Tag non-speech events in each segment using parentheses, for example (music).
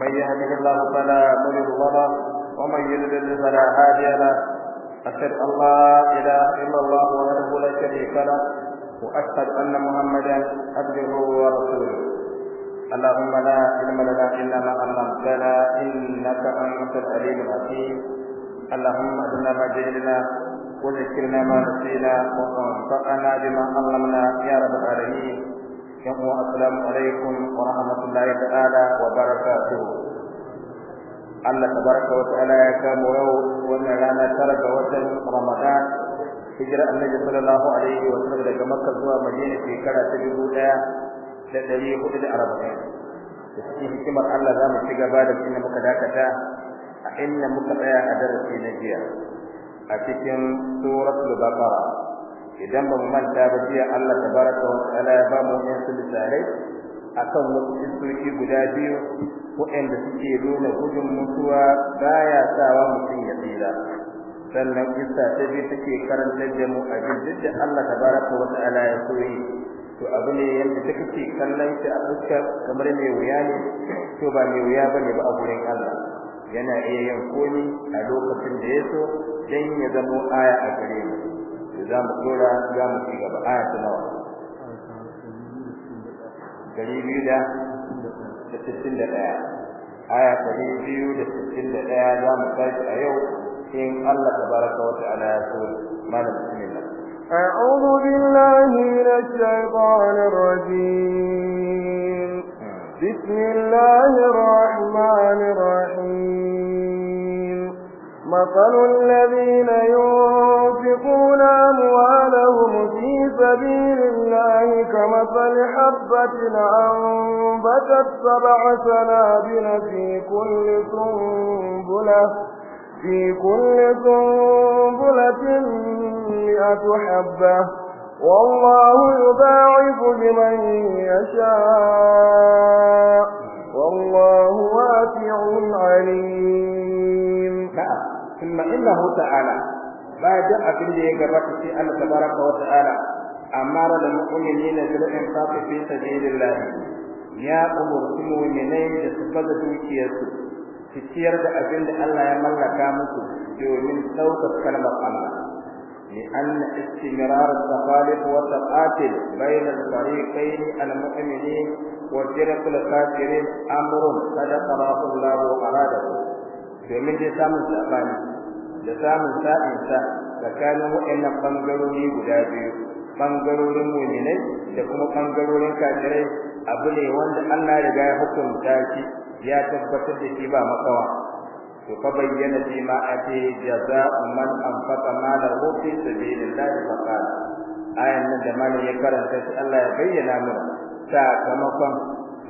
من يهده الله فلا مضل له ومن يضلل فلا هادي له أشهد أن لا إله إلا الله وحده لا شريك له وأشهد أن محمدا عبده ورسوله اللهم لا علم لنا إلا ما علمتنا إنك أنت العليم الحكيم اللهم أرنا ما جهلنا وذكرنا ما نسينا وأنفقنا بما علمنا يا رب العالمين يقوى السلام عليكم ورحمة الله تعالى وبركاته Allah tabaraka wa ta'ala ya kamo yau wannan rana tara ga watan Ramadan hijira annabi sallallahu alaihi wa sallam daga Makka zuwa Madina shekara ta Da cikin hikimar Allah za mu ci gaba da cikin muka dakata a inda muka tsaya a darasi na jiya a cikin suratul baqara idan ba mu manta ba jiya Allah tabaraka wa ta'ala ya ba mu wasu misalai akan wasu iskoki guda biyu waɗanda suke nuna gudun mutuwa baya sawa mutum ya tsira sannan kissa ta bi take karantar da mu a duk Allah tabaraka wa ta'ala ya koyi to abu ne yanda ta ce kallon shi a fuskar kamar mai wuya ne to ba mai wuya bane ba a gurin Allah yana iya yin komi a lokacin da ya so dan ya zamo aya a gare mu زام كولا زام في جبل آية نور قريب يدا تتسند الآية آية قريب يدا تتسند الآية زام كايت أيو إن الله تبارك وتعالى يقول ما نبسم الله أعوذ بالله من الشيطان الرجيم hmm. بسم الله الرحمن الرحيم مثل الذين ينفقون أموالهم في سبيل الله كمثل حبة أنبتت سبع سنابل في كل سنبلة في كل سنبلة مئة حبة والله يباعف لمن يشاء والله واسع عليم thumma innahu ta'ala Ba duk abin da ya gabata sai Allah tabaraka wa ta'ala amara da mu'minina bil infaqi fi sabilillah ya umurtu mu'minai da su bada dukiyarsu su ciyar da abin da Allah ya mallaka musu domin ɗaukar kalmar Allah لأن استمرار al والتقاتل بين الفريقين المؤمنين وفرق الكافرين أمر قد قراه الله arada? domin dai samun sabani da samun sa'insa tsakanin waɗannan bangarori guda biyu bangarorin mu'minai da kuma bangarorin kafirai abu ne wanda Allah riga ya hukunta shi ya tabbatar da shi ba makawa to fa bayyana fi ma ati jaza'u man anfaqa malahu da sabilillahi faqala ayan nan da malam ya karanta shi Allah ya bayyana mu sakamakon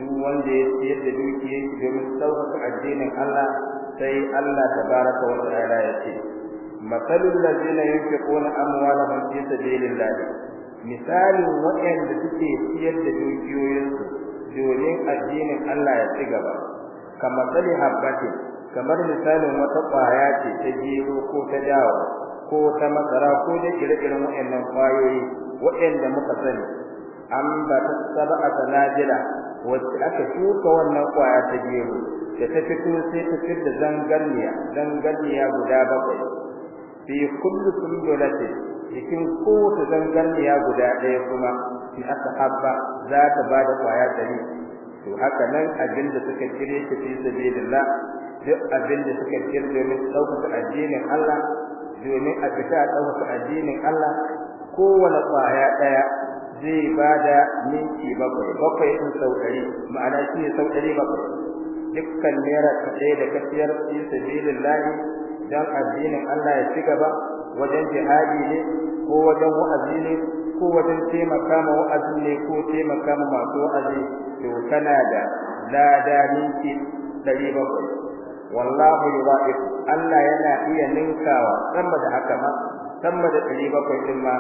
duk wanda ya siyar da dukiyar shi domin sauƙaƙa addinin Allah sai Allah tabaraka wa ta'ala ya ce masalul ladina yunfiquna amwalahum fi sabilillah misalin waɗanda suke siyar da dukiyoyinsu domin addinin Allah ya ci gaba kamar tsali habbati kamar misalin wata ƙwaya ce ta gero ko ta dawo ko ta masara ko da ire-iren waɗannan kwayoyi waɗanda muka sani an ba ta sab'a sanajira wacce aka shuka wannan kwaya ta gero da ta fito sai ta fitar zangarniya zangarniya guda bakwai fi kulli sumbulatin cikin kowace zangarniya guda ɗaya kuma fi aka habba za ta da kwaya ɗari to haka nan abin da suka kire shi fi sabilillah duk abin da suka kire domin ɗaukaka addinin Allah domin a fita ɗaukaka addinin Allah kowane kwaya ɗaya zai bada minti bakwai bakwai in sau ɗari ma'ana shi ne sau ɗari bakwai dukkan naira ɗaya da kafiyar fi sabilillahi dan addinin Allah ya ci gaba wajen jihadi ne ko wajen wa'azi ne ko wajen taimaka ma wa'azi ne ko taimaka ma masu wa'azi to kana da lada minti ɗari bakwai wallahu yudha'if Allah yana iya ninkawa sama da haka ma sama da ɗari bakwai ɗin ma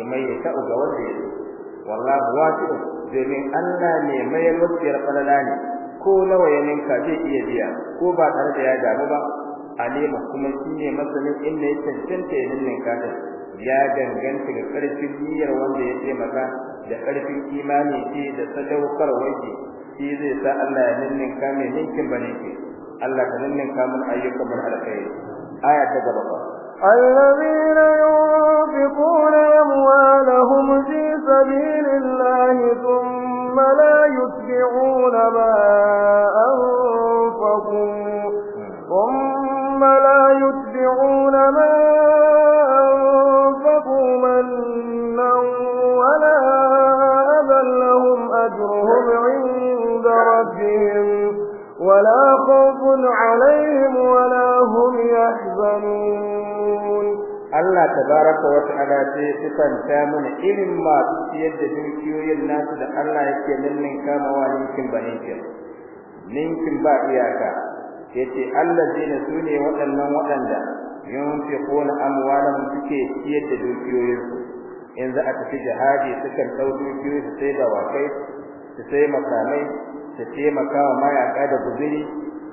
ya mai ya ta'u ga wanda ya wallahi wasi'u domin Allah ne mai yalwaciyar falala ne ko nawa ya ninka zai iya biya ko ba tare da ya damu ba alima kuma shine masanin inda ya cancanta ya ninka ya danganta ga karfin niyyar wanda ya taimaka da karfin imani ce da sadaukar waje shi zai sa Allah ya ninka mai ninkin bane ke Allah ka ninka mun ayyukan mun alkhairi aya ta gaba الذين ينفقون أموالهم في سبيل الله ثم لا يتبعون ما أنفقوا ثم لا يتبعون ما أنفقوا منا ولا أبا لهم أجرهم عند ربهم ولا خوف عليهم ولا هم يحزنون Allah ta tabaraka wa ta'ala sai sifanta mana irin masu siyar da dukiyoyin nasu da Allah yake nannin kamawa ninkin ba ninkin ninkin ba iyaka yace su sune waɗannan waɗanda yunfiquna amwalahum suke siyar da dukiyoyinsu yanzu a tafi jihadi sukan dau dukiyoyi su sai dawakai su sai makamai su taimaka wa mayaka da guzuri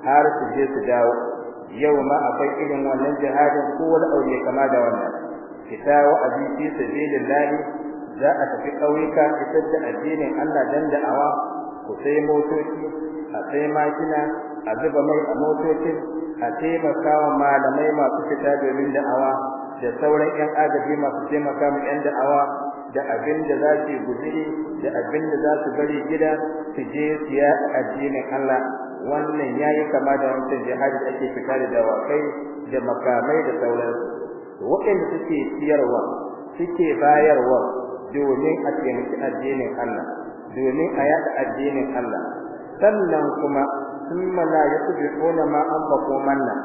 har su je su dawo yau ma akwai irin wannan jihadin ko wani aure kama da wannan fita wa sabilin lahi za a tafi ƙauyuka ita da addinin Allah dan da'awa ku sai motoci a sai makina a zuba mai a motocin a taimakawa malamai masu fita domin da'awa da sauran 'yan agaji masu taimaka mu 'yan da'awa da abin da za su guziri da abin da za su bari gida su je siya addinin Allah wannan yayi kama da wancan jihadi ake fita da dawakai da makamai da sauransu waɗanda suke siyarwa suke bayarwa domin a taimaki addinin Allah domin a yada addinin Allah sannan kuma sun mala ya kuɗi kona ma an bako manna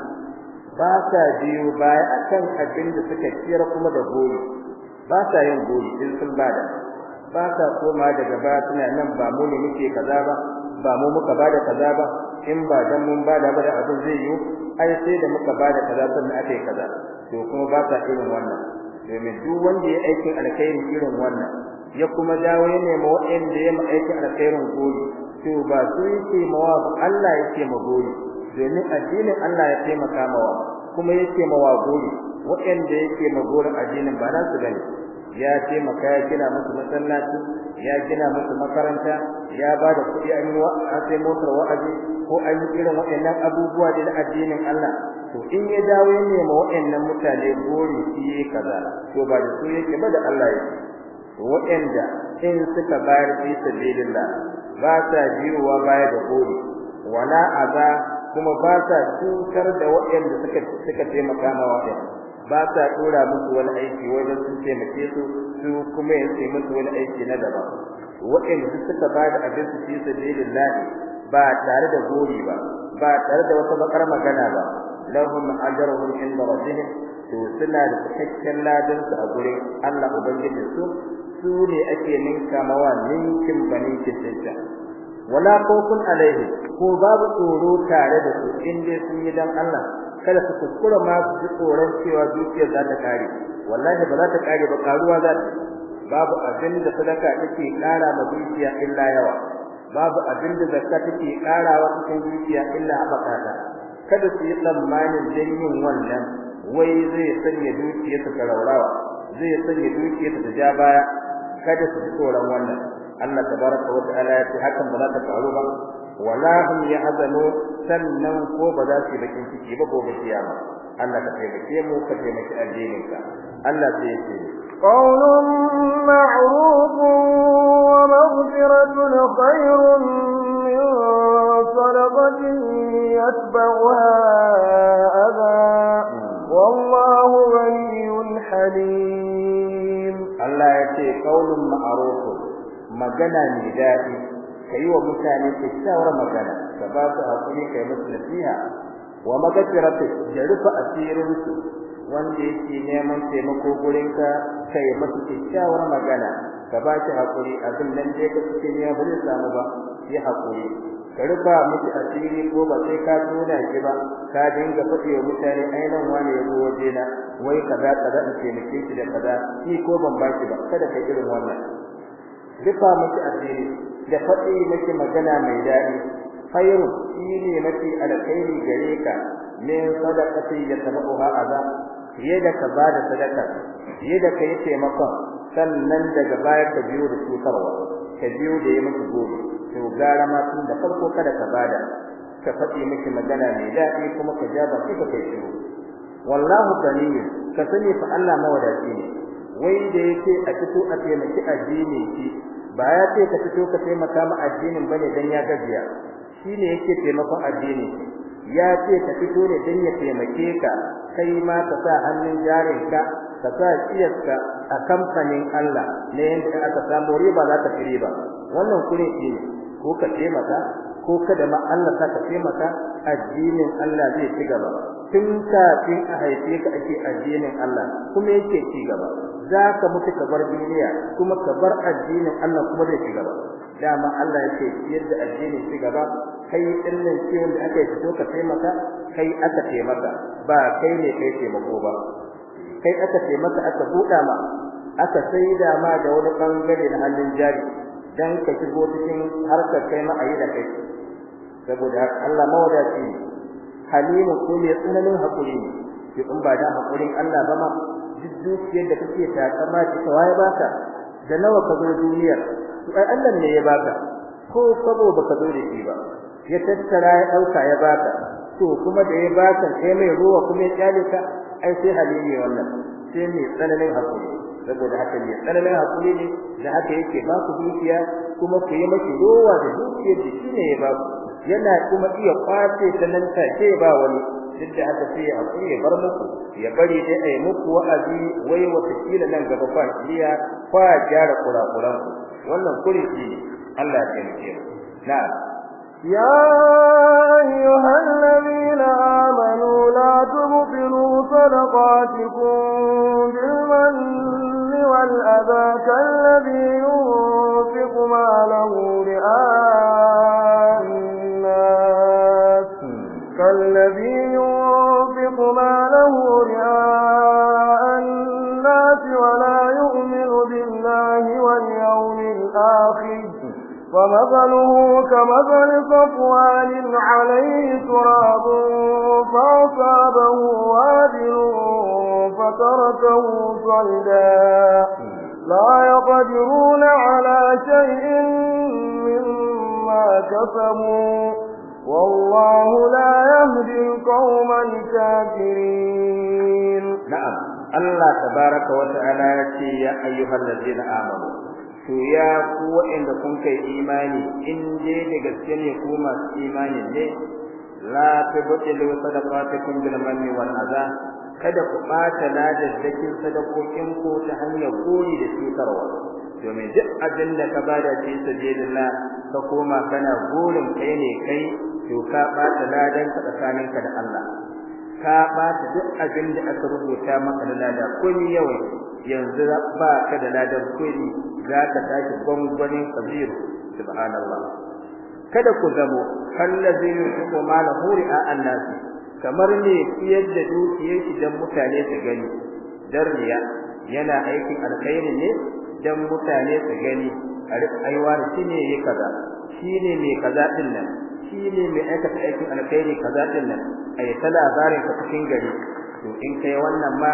ba sa biyo baya akan abin da suka siyar kuma da goyi ba sa yin goyi in sun bada ba sa koma daga ba suna nan ba mu ne muke kaza ba ba mu muka bada kaza ba in ba dan mun ba ba da abin zai yi ai sai da muka bada da kaza sannan aka kaza to kuma ba ta irin wannan domin duk wanda ya aiki alkhairi irin wannan ya kuma dawo ya nemi wanda ya aiki alkhairin goyi to ba su yake mawa Allah yake ma goyi domin addinin Allah ya taimaka mawa kuma yake mawa goyi wanda yake ma goyi addinin ba na su bane ya taimaka ya gina musu masallaci ya gina musu makaranta ya ba da kuɗi an yi an sai motar wa'azi ko an yi irin waɗannan abubuwa da na addinin Allah to in ya dawo ya nema waɗannan mutane gori shi yi kaza to ba da su yake ba da Allah yake waɗanda in suka bayar fi sabilillah ba sa jirowa baya da gori wala aza kuma ba sa cutar da waɗanda suka suka taimaka ma waɗanda ba ta dora musu wani aiki wajen sun taimake su su kuma ya ce musu wani aiki na daban wa'in su suka ba da abin su fi sabilillah ba tare da gori ba ba tare da wata bakar magana ba lahum ajruhum inda rabbihim to suna da cikakken ladan su a gurin Allah ubangiji su su ne ake ninka mawa ninkin bani kitta wala khawfun alaihi ko babu tsoro tare da su in dai sun yi dan Allah kada su kuskura ma su ji tsoron cewa dukiya za ta kare wallahi ba za ta kare ba karuwa za ta babu abin da sadaka take kara ma dukiya illa yawa babu abin da zakka take kara wa cikin dukiya illa abaka kada su yi tsammanin yin wannan wai zai sanya dukiya ta raurawa zai sanya dukiya ta ja baya kada su ji tsoron wannan Allah tabaraka wa ta'ala ya ce hakan ba za ta faru ba wala hum yahzanu sannan ko ba za su bakin ciki ba gobe kiyama Allah ka taimake mu ka taimake addinin ka Allah sai ce qawlun ma'rufun wa maghfiratun khairun min sadaqatin yatba'uha adha wallahu ghaniyyun halim Allah ya ce qawlun ma'rufun magana ne dadi kai wa mutane kyakkyawar magana ka ba su hakuri kai musu nasiha wa magfirati da rufa asirin su wanda yake neman taimako gurin ka kai musu kyakkyawar magana ka ba su hakuri abin nan da ka suke ne ba samu ba yi hakuri ka rufa miki asiri ko ba sai ka tona shi ba ka dinga fadi wa mutane ainan wani yabo waje na wai kaza kaza in miki shi da kaza shi ko ban baki ba kada ka irin wannan rufa miki asiri da faɗi maki magana mai daɗi khairu shine mafi alkhairi gare ka min sadaqati yatabuha adha fiye da ka bada sadaka fiye da ka taimakon sannan daga bayar ka biyo da cutarwa ka biyo da ya maka gobe to gara ma tun da farko kada ka bada ka faɗi miki magana mai daɗi kuma ka ja baki kai shiru wallahu ganiyyun ka sani fa Allah mawadaci ne wai da yake a fito a taimaki addini ki ba ya ce ka fito ka taimaka ma addinin bane dan ya gajiya shine yake taimakon addini ya ce ka fito ne dan ya taimake ka kai ma ka sa hannun jarinka ka sa kiyarka a kamfanin Allah ne yanda aka samu riba za ta fi riba wannan kure ne ko ka taimaka ko kada ma Allah ka taimaka addinin Allah zai ci gaba tun kafin a haife ka ake addinin Allah kuma yake ci gaba zaka mutu ka bar duniya kuma ka bar addinin Allah kuma zai ci gaba dama Allah yake yadda addinin ci gaba kai din nan wanda aka yi to ka taimaka kai aka taimaka ba kai ne kai taimako ba kai aka taimaka aka buɗa ma aka da ma da wani bangare na hannun jari dan ka shigo cikin harkar kai ma ayi da kai saboda Allah mawadaci halimu kuma ya tsananin hakuri ne in ba da hakurin Allah ba ma duk dukiyar da kake takama ita waye baka da nawa ka zo duniya to ai Allah ne ya baka ko sabo ka zo da shi ba ya tattara ya dauka ya baka to kuma da ya baka sai mai ruwa kuma ya kyale ka ai sai halili wannan sai mai tsananin hakuri saboda haka ne tsananin hakuri ne da haka yake ba ku dukiya kuma ku yi maki ruwa da dukiyar da shi ne ya baku yana kuma iya kwace ta nan take ba wani duk da haka sai ya hakuri ya bar muku ya bari dai ai muku wa'azi wai wata kila nan gaba fa iya fa gyara kurakuran wannan kurki Allah ya taimake mu na'am يا أيها الذين آمنوا لا تبطلوا صدقاتكم بالمن والأذى كالذي ينفق ماله رئاسا الله الناس ولا يؤمن بالله واليوم الآخر ومثله كمثل صفوان عليه تراب فأصابه وادل فتركه صلدا لا يقدرون على شيء مما كسبوا والله لا يهدي القوم الكافرين نعم الله تبارك وتعالى يا أيها الذين آمنوا to ya ku waɗanda kun kai imani in je da gaske ne ku masu imani ne la tubtilu sadaqatukum bil manni wal aza. kada ku bata ladar dakin sadakokin ku ta hanyar gori da cutarwa domin duk abin da ka bada fi sabilillah ka koma kana gurin kai ne kai to ka bata ladan ka tsakaninka da Allah ka bata duk abin da aka rubuta maka da lada kuni yawa yanzu ba ka da ladan kuni za ka tashi gwangwanin kabiru subhanallah kada ku zamo kallazin kuma a a annasi kamar ne kiyar da dukiyar idan mutane su gani darniya yana aikin alkhairi ne dan mutane su gani a da shine yi kaza shine mai kaza din nan shine mai aikata aikin alkhairi kaza din nan ai ta labarin ka cikin gari to in kai wannan ma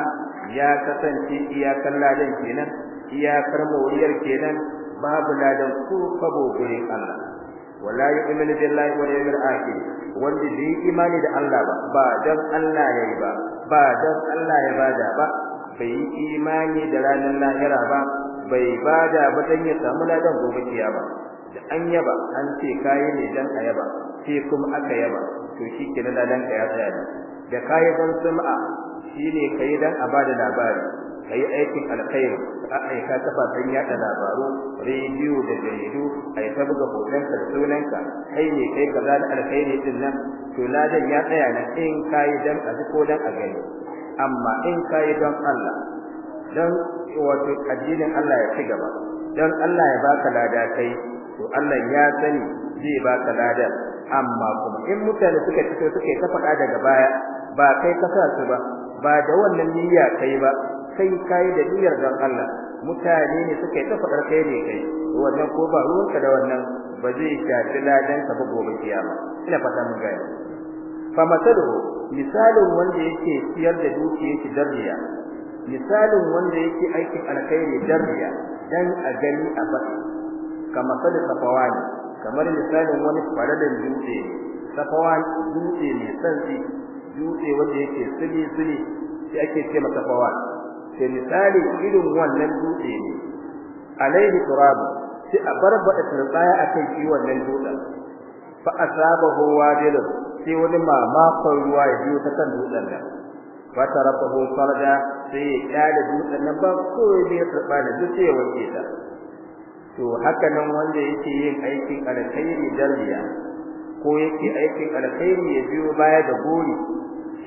ya kasance iyakar ladan kenan iyakar wuriyar kenan babu ladan ko kabo gurin Allah wala yu'minu billahi wal yawmil akhir wanda bai imani da Allah ba ba dan Allah yayi ba ba dan Allah ya bada ba bai yi imani da ranar lahira ba bai bada ba dan ya samu ladan gobe ba, da an yaba an ce kai ne dan a yaba sai kuma aka yaba to shikenan ladan ka ya tsaya da kai dan sum'a shine kai dan a da labari kai aikin alkhairi a aika kafafen yada labaru rediyo da jaridu ai ta buga hoton ka sunanka kai ne kai kaza da alkhairi din nan to ladan ya tsaya na in kai dan a ko dan a gani amma in kai don Allah don wato addinin Allah ya ci gaba don Allah ya baka lada kai to Allah ya sani zai baka lada amma kuma in mutane suka fito suka ta fada daga baya ba kai ka sa su ba ba da wannan niyya kai ba kai kai da niyyar dan Allah mutane ne suka ta faɗar kai ne kai wannan ko ba ruwanka da wannan ba zai shafi ladan ka ba gobe kiyama ina fata mun gaya fa masaluhu misalin wanda yake siyar da dukiya yake darriya misalin wanda yake aikin alkhairi darriya dan a gani a baki kama sadu safawani kamar misalin wani faradan dutse safawan dutse mai santsi dutse wanda yake sili sili sai ake ce masa safawan sai misali irin wannan dutse ne alaihi turab sai a barbada turbaya akan shi wannan dutsen fa asabahu wadilun sai wani mamakon ruwa ya biyo ta kan dutsen nan rafa tarafahu farda sai ya kada dutsen nan ba ko ya karba da duk ya wanke ta to haka nan wanda yake yin aikin alkhairi jarriya ko yake aikin alkhairi ya biyo baya da gori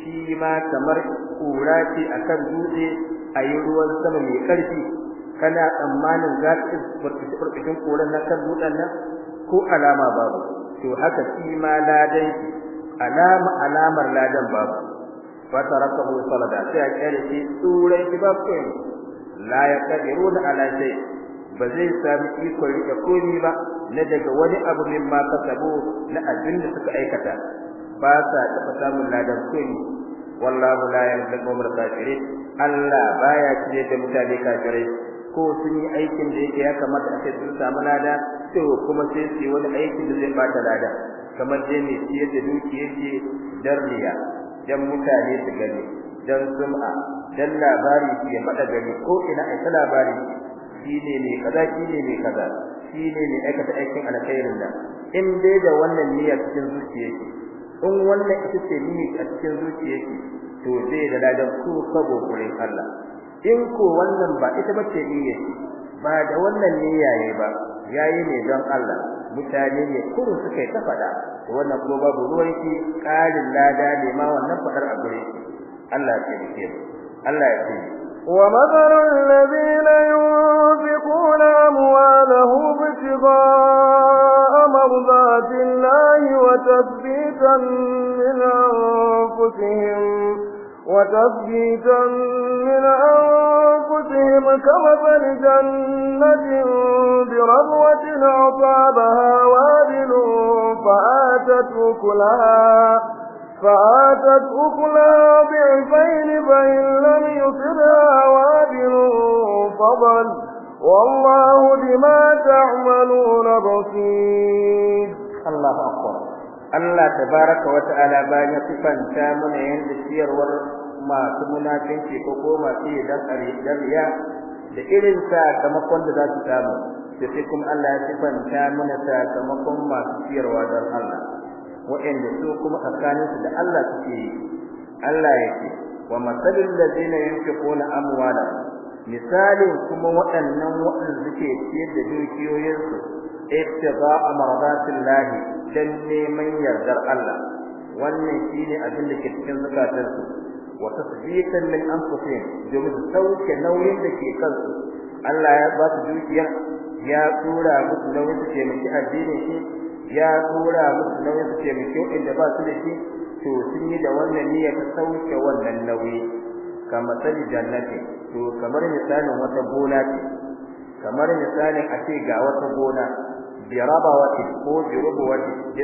shi ma kamar kura ce kan dutse a yi ruwan sama mai ƙarfi kana tsammanin za ka furfushi furfushin koren na kan dutsen nan ko alama babu to haka shi ma ladan alama alamar ladan babu fatarakahu salada sai a kare shi turai shi babu kai la kadiru da alaje ba zai sami iko rike ba na daga wani abu min ma kasabu na abin da suka aikata ba sa taba samun ladan komai wallahu la yamliku min kafirin Allah baya cire da mutane kafirai ko sun yi aikin da yake ya kamata a ce sun samu lada to kuma sai su yi wani aikin da zai bata lada kamar dai ne shi yadda duki yake darriya dan mutane su gani dan sum'a dan labari shi ya fada gani ko ina ai ta labari shine ne kaza shine ne kaza shine ne aikata aikin alkhairin da in dai da wannan niyya cikin zuciyarki in wannan ita ce niyya a cikin zuciyarki to zai da dadan ku sabo gurin Allah in ko wannan ba ita bace niyya ba da wannan niyya yayi ba yayi ne don Allah mutane ne kuru suka ta fada wannan kuma babu ruwan shi ƙarin lada ne ma wannan fadar a gure shi Allah ya tsare Allah ya tsare ومثل الذين yunfiquna amwalahum ابتغاء مرضات wa وتثبيتا min anfusihim وتثبيتا من أنفسهم كمثل جنة بربوة أعطابها وابل فآتت أكلها فآتت أكلها ضعفين فإن لم يصبها وابل فضل والله بما تعملون بصير الله أكبر الله تبارك وتعالى بان bayan تامن عند السير ciyarwar masu munafinci ko ko masu yi dan ariya da irin sakamakon da za su samu da sai kuma Allah ya sifanta mana sakamakon masu ciyarwa don Allah wa'anda su kuma tsakaninsu da Allah suke yi Allah yake wa masalul ladina yunfiquna amwalahum misalin kuma waɗannan waɗanda suke ciyar da dukiyoyinsu ittiba'a maradatillahi dan neman yardar Allah wannan shine abin da ke cikin zakatarsu وتصديقا من انفسهم anfusihim domin sauke nauyin da ke kansu Allah ya ba su dukiya ya دكي musu nauyin su يا miki shi ya tura musu nauyin su ke inda ba su da shi to sun yi da wannan niyyar ta sauke wannan nauyi kamar sani jannati to kamar misalin wata gona kamar misalin a ce ga wata gona bi rabawati ko bi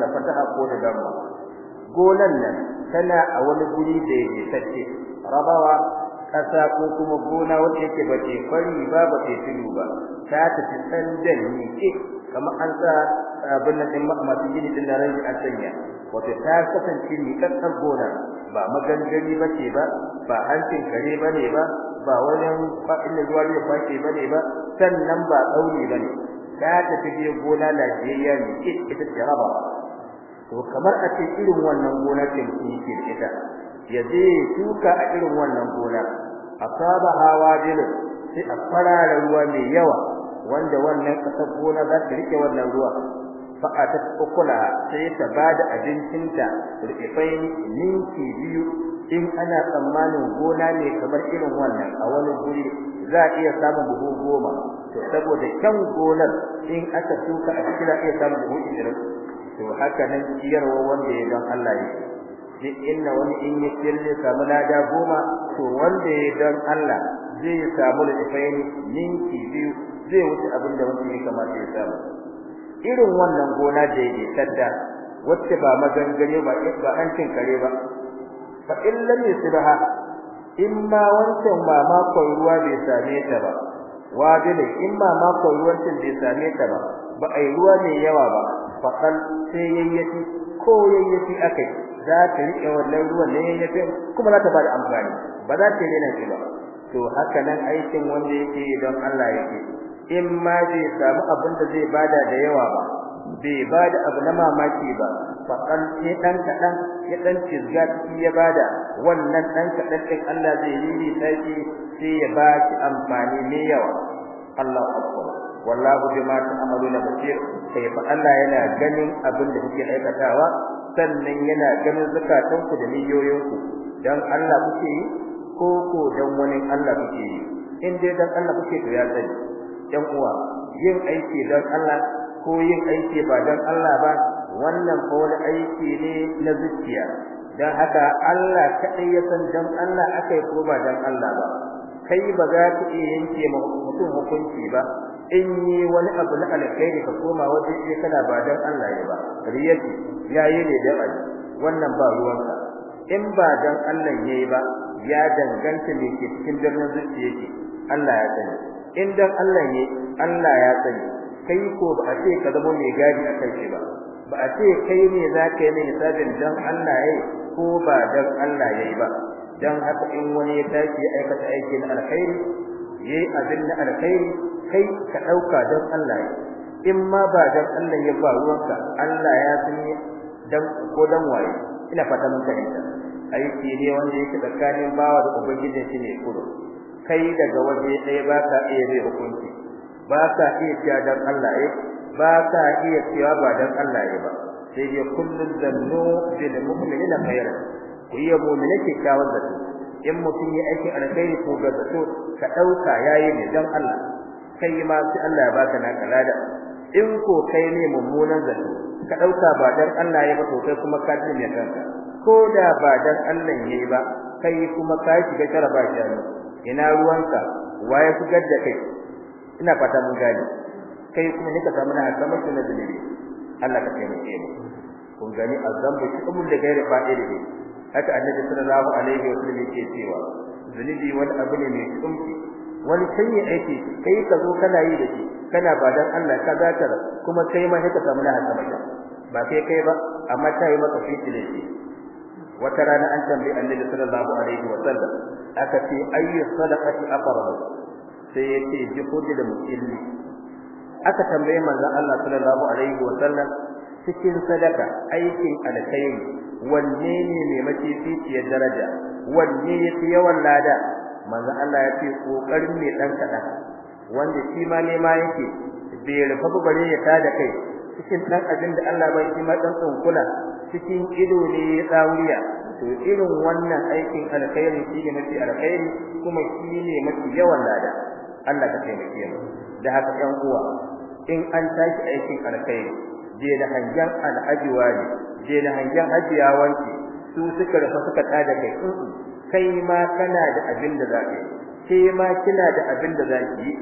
da fataha ko da damma gonan nan tana a wani guri da yake sace rabawa kasa ko kuma gona wanda yake bace fari ba bace tudu ba ta tafi sandan ni ce kama an sa abin nan din masu gini din da ran a sanya wato ta kasance ni kasar gona ba magangani bace ba ba hancin kare bane ba ba wajen fa'in da ruwa ne kwace bane ba sannan ba tsauni bane ta tafi gona lafiyayya ne ita ce rabawa to kamar a ce irin wannan gona ce yake ita ya je shuka a irin wannan gona asaba hawa dilin sai a farara ruwa mai yawa wanda wannan kasar gona za ta rike wannan ruwa fa a ta kula sai ta bada abincinta rufai ninki biyu in ana tsammanin gona ne kamar irin wannan a wani guri za a iya samun buhu goma to saboda kyan gonar in aka shuka a cikin iya samun buhu to haka nan kiyarwa wanda ya don Allah yake duk inda wani in ya ciyar zai samu lada goma to wanda ya don Allah zai samu da tsayin ninki biyu zai wuce abin da wanda ya kamata ya samu irin wannan gona da yake tadda wacce ba magangare ba ba hancin kare ba fa in lam yusbaha in ma wancan ba ma ruwa bai same ta ba wa dai in ma ma ruwan bai same ta ba ba ai ruwa mai yawa ba faqal sai yayyafi ko yayyafi akai za ta rike wannan ruwan ne yayyafi kuma za ta bada amfani ba za ta rena shi ba to haka nan aikin wanda yake don Allah yake in ma bai samu abin da zai bada da yawa ba bai bada abu na mamaki ba faqal sai dan kaɗan ya dan cizga ya bada wannan dan kaɗan din Allah zai yi sai sai ya baki amfani ne yawa Allah akbar wallahu bima ta'maluna basir sai fa Allah yana ganin abin da kuke aikatawa sannan yana ganin zakatanku da niyoyinku dan Allah kuke yi ko ko dan wani Allah kuke yi in dai dan Allah kuke to ya sani dan uwa yin aiki dan Allah ko yin aiki ba dan Allah ba wannan ko wani aiki ne na zuciya dan haka Allah kadai ya san dan Allah akai ko ba dan Allah ba kai ba za ka iya yanke mutum hukunci ba in yi wani abu na alkhairi ka koma waje sai kana ba dan Allah ya ba riyaki yayi ne dan Allah wannan ba ruwanka in ba dan Allah ne ba ya danganta ne ke cikin darnin zuciya yake Allah ya sani in dan Allah ne Allah ya sani kai ko ba a ce ka zama mai gadi a kai ba ba a ce kai ne zaka yi mai hisabin dan Allah ne ko ba dan Allah ne ba dan haka in wani ya tashi aikata aikin alkhairi yayi abin na alkhairi kai ka dauka don Allah in ma ba don Allah ya ba ruwanka Allah ya sani dan ko dan waye ina fata mun ai ki ne wanda yake tsakanin bawa da ubangijin shi ne kudu kai daga waje ɗaya ba ka iya bai hukunci ba ka iya cewa dan Allah ya ba ka iya cewa ba dan Allah ya ba sai ya kullu zannu bil mu'minina khayran ku yi mu'mina kyakkyawan zato in mutum ya aiki alkhairi ko ga zato ka dauka yayi ne dan Allah kai ma sai Allah ya baka na kalada in ko kai ne mummunan zato ka dauka ba dan Allah ya ba to kai kuma ka ji ne kanka ko da ba dan Allah ya yi ba kai kuma ka shiga taraba shani ina ruwanka waye ku gadda kai ina fata mun gane kai kuma ne ka samu na samu na ne? Allah ka taimake mu kun gani azambu kuma da gairi ba da haka annabi sallallahu alaihi wasallam yake cewa zunubi wani abu ne mai tsumfi wani kai ne aiki kai ka zo kana yi da shi kana ba dan Allah ka zakara kuma kai ma haka samu na hasaba ba sai kai ba amma ta yi maka fitile shi wata rana an tambayi annabi sallallahu alaihi wa sallam aka ce ayyu sadaqati aqrab sai yace jihudi da musulmi aka tambaye manzon Allah sallallahu alaihi wa sallam cikin sadaka aikin alkhairi wanne ne mai mafi fitiyar daraja wanne yafi yawan lada manzo Allah ya ce kokarin ne dan kaɗan? wanda shi ma ne ma yake bai rufa bare ya tada kai cikin dan abin da Allah bai shi ma dan tsunkula cikin ido ne ya tsawuriya to irin wannan aikin alkhairi shi ne mafi alkhairi kuma shi ne mafi yawan lada Allah ka taimake mu da haka ɗan uwa in an tashi aikin alkhairi je da hanjan alhaji wani je da hanjan hajiya wanki su suka rufa suka tada kai kai ma kana da abin da zaka yi kai ma kina da abin da zaki yi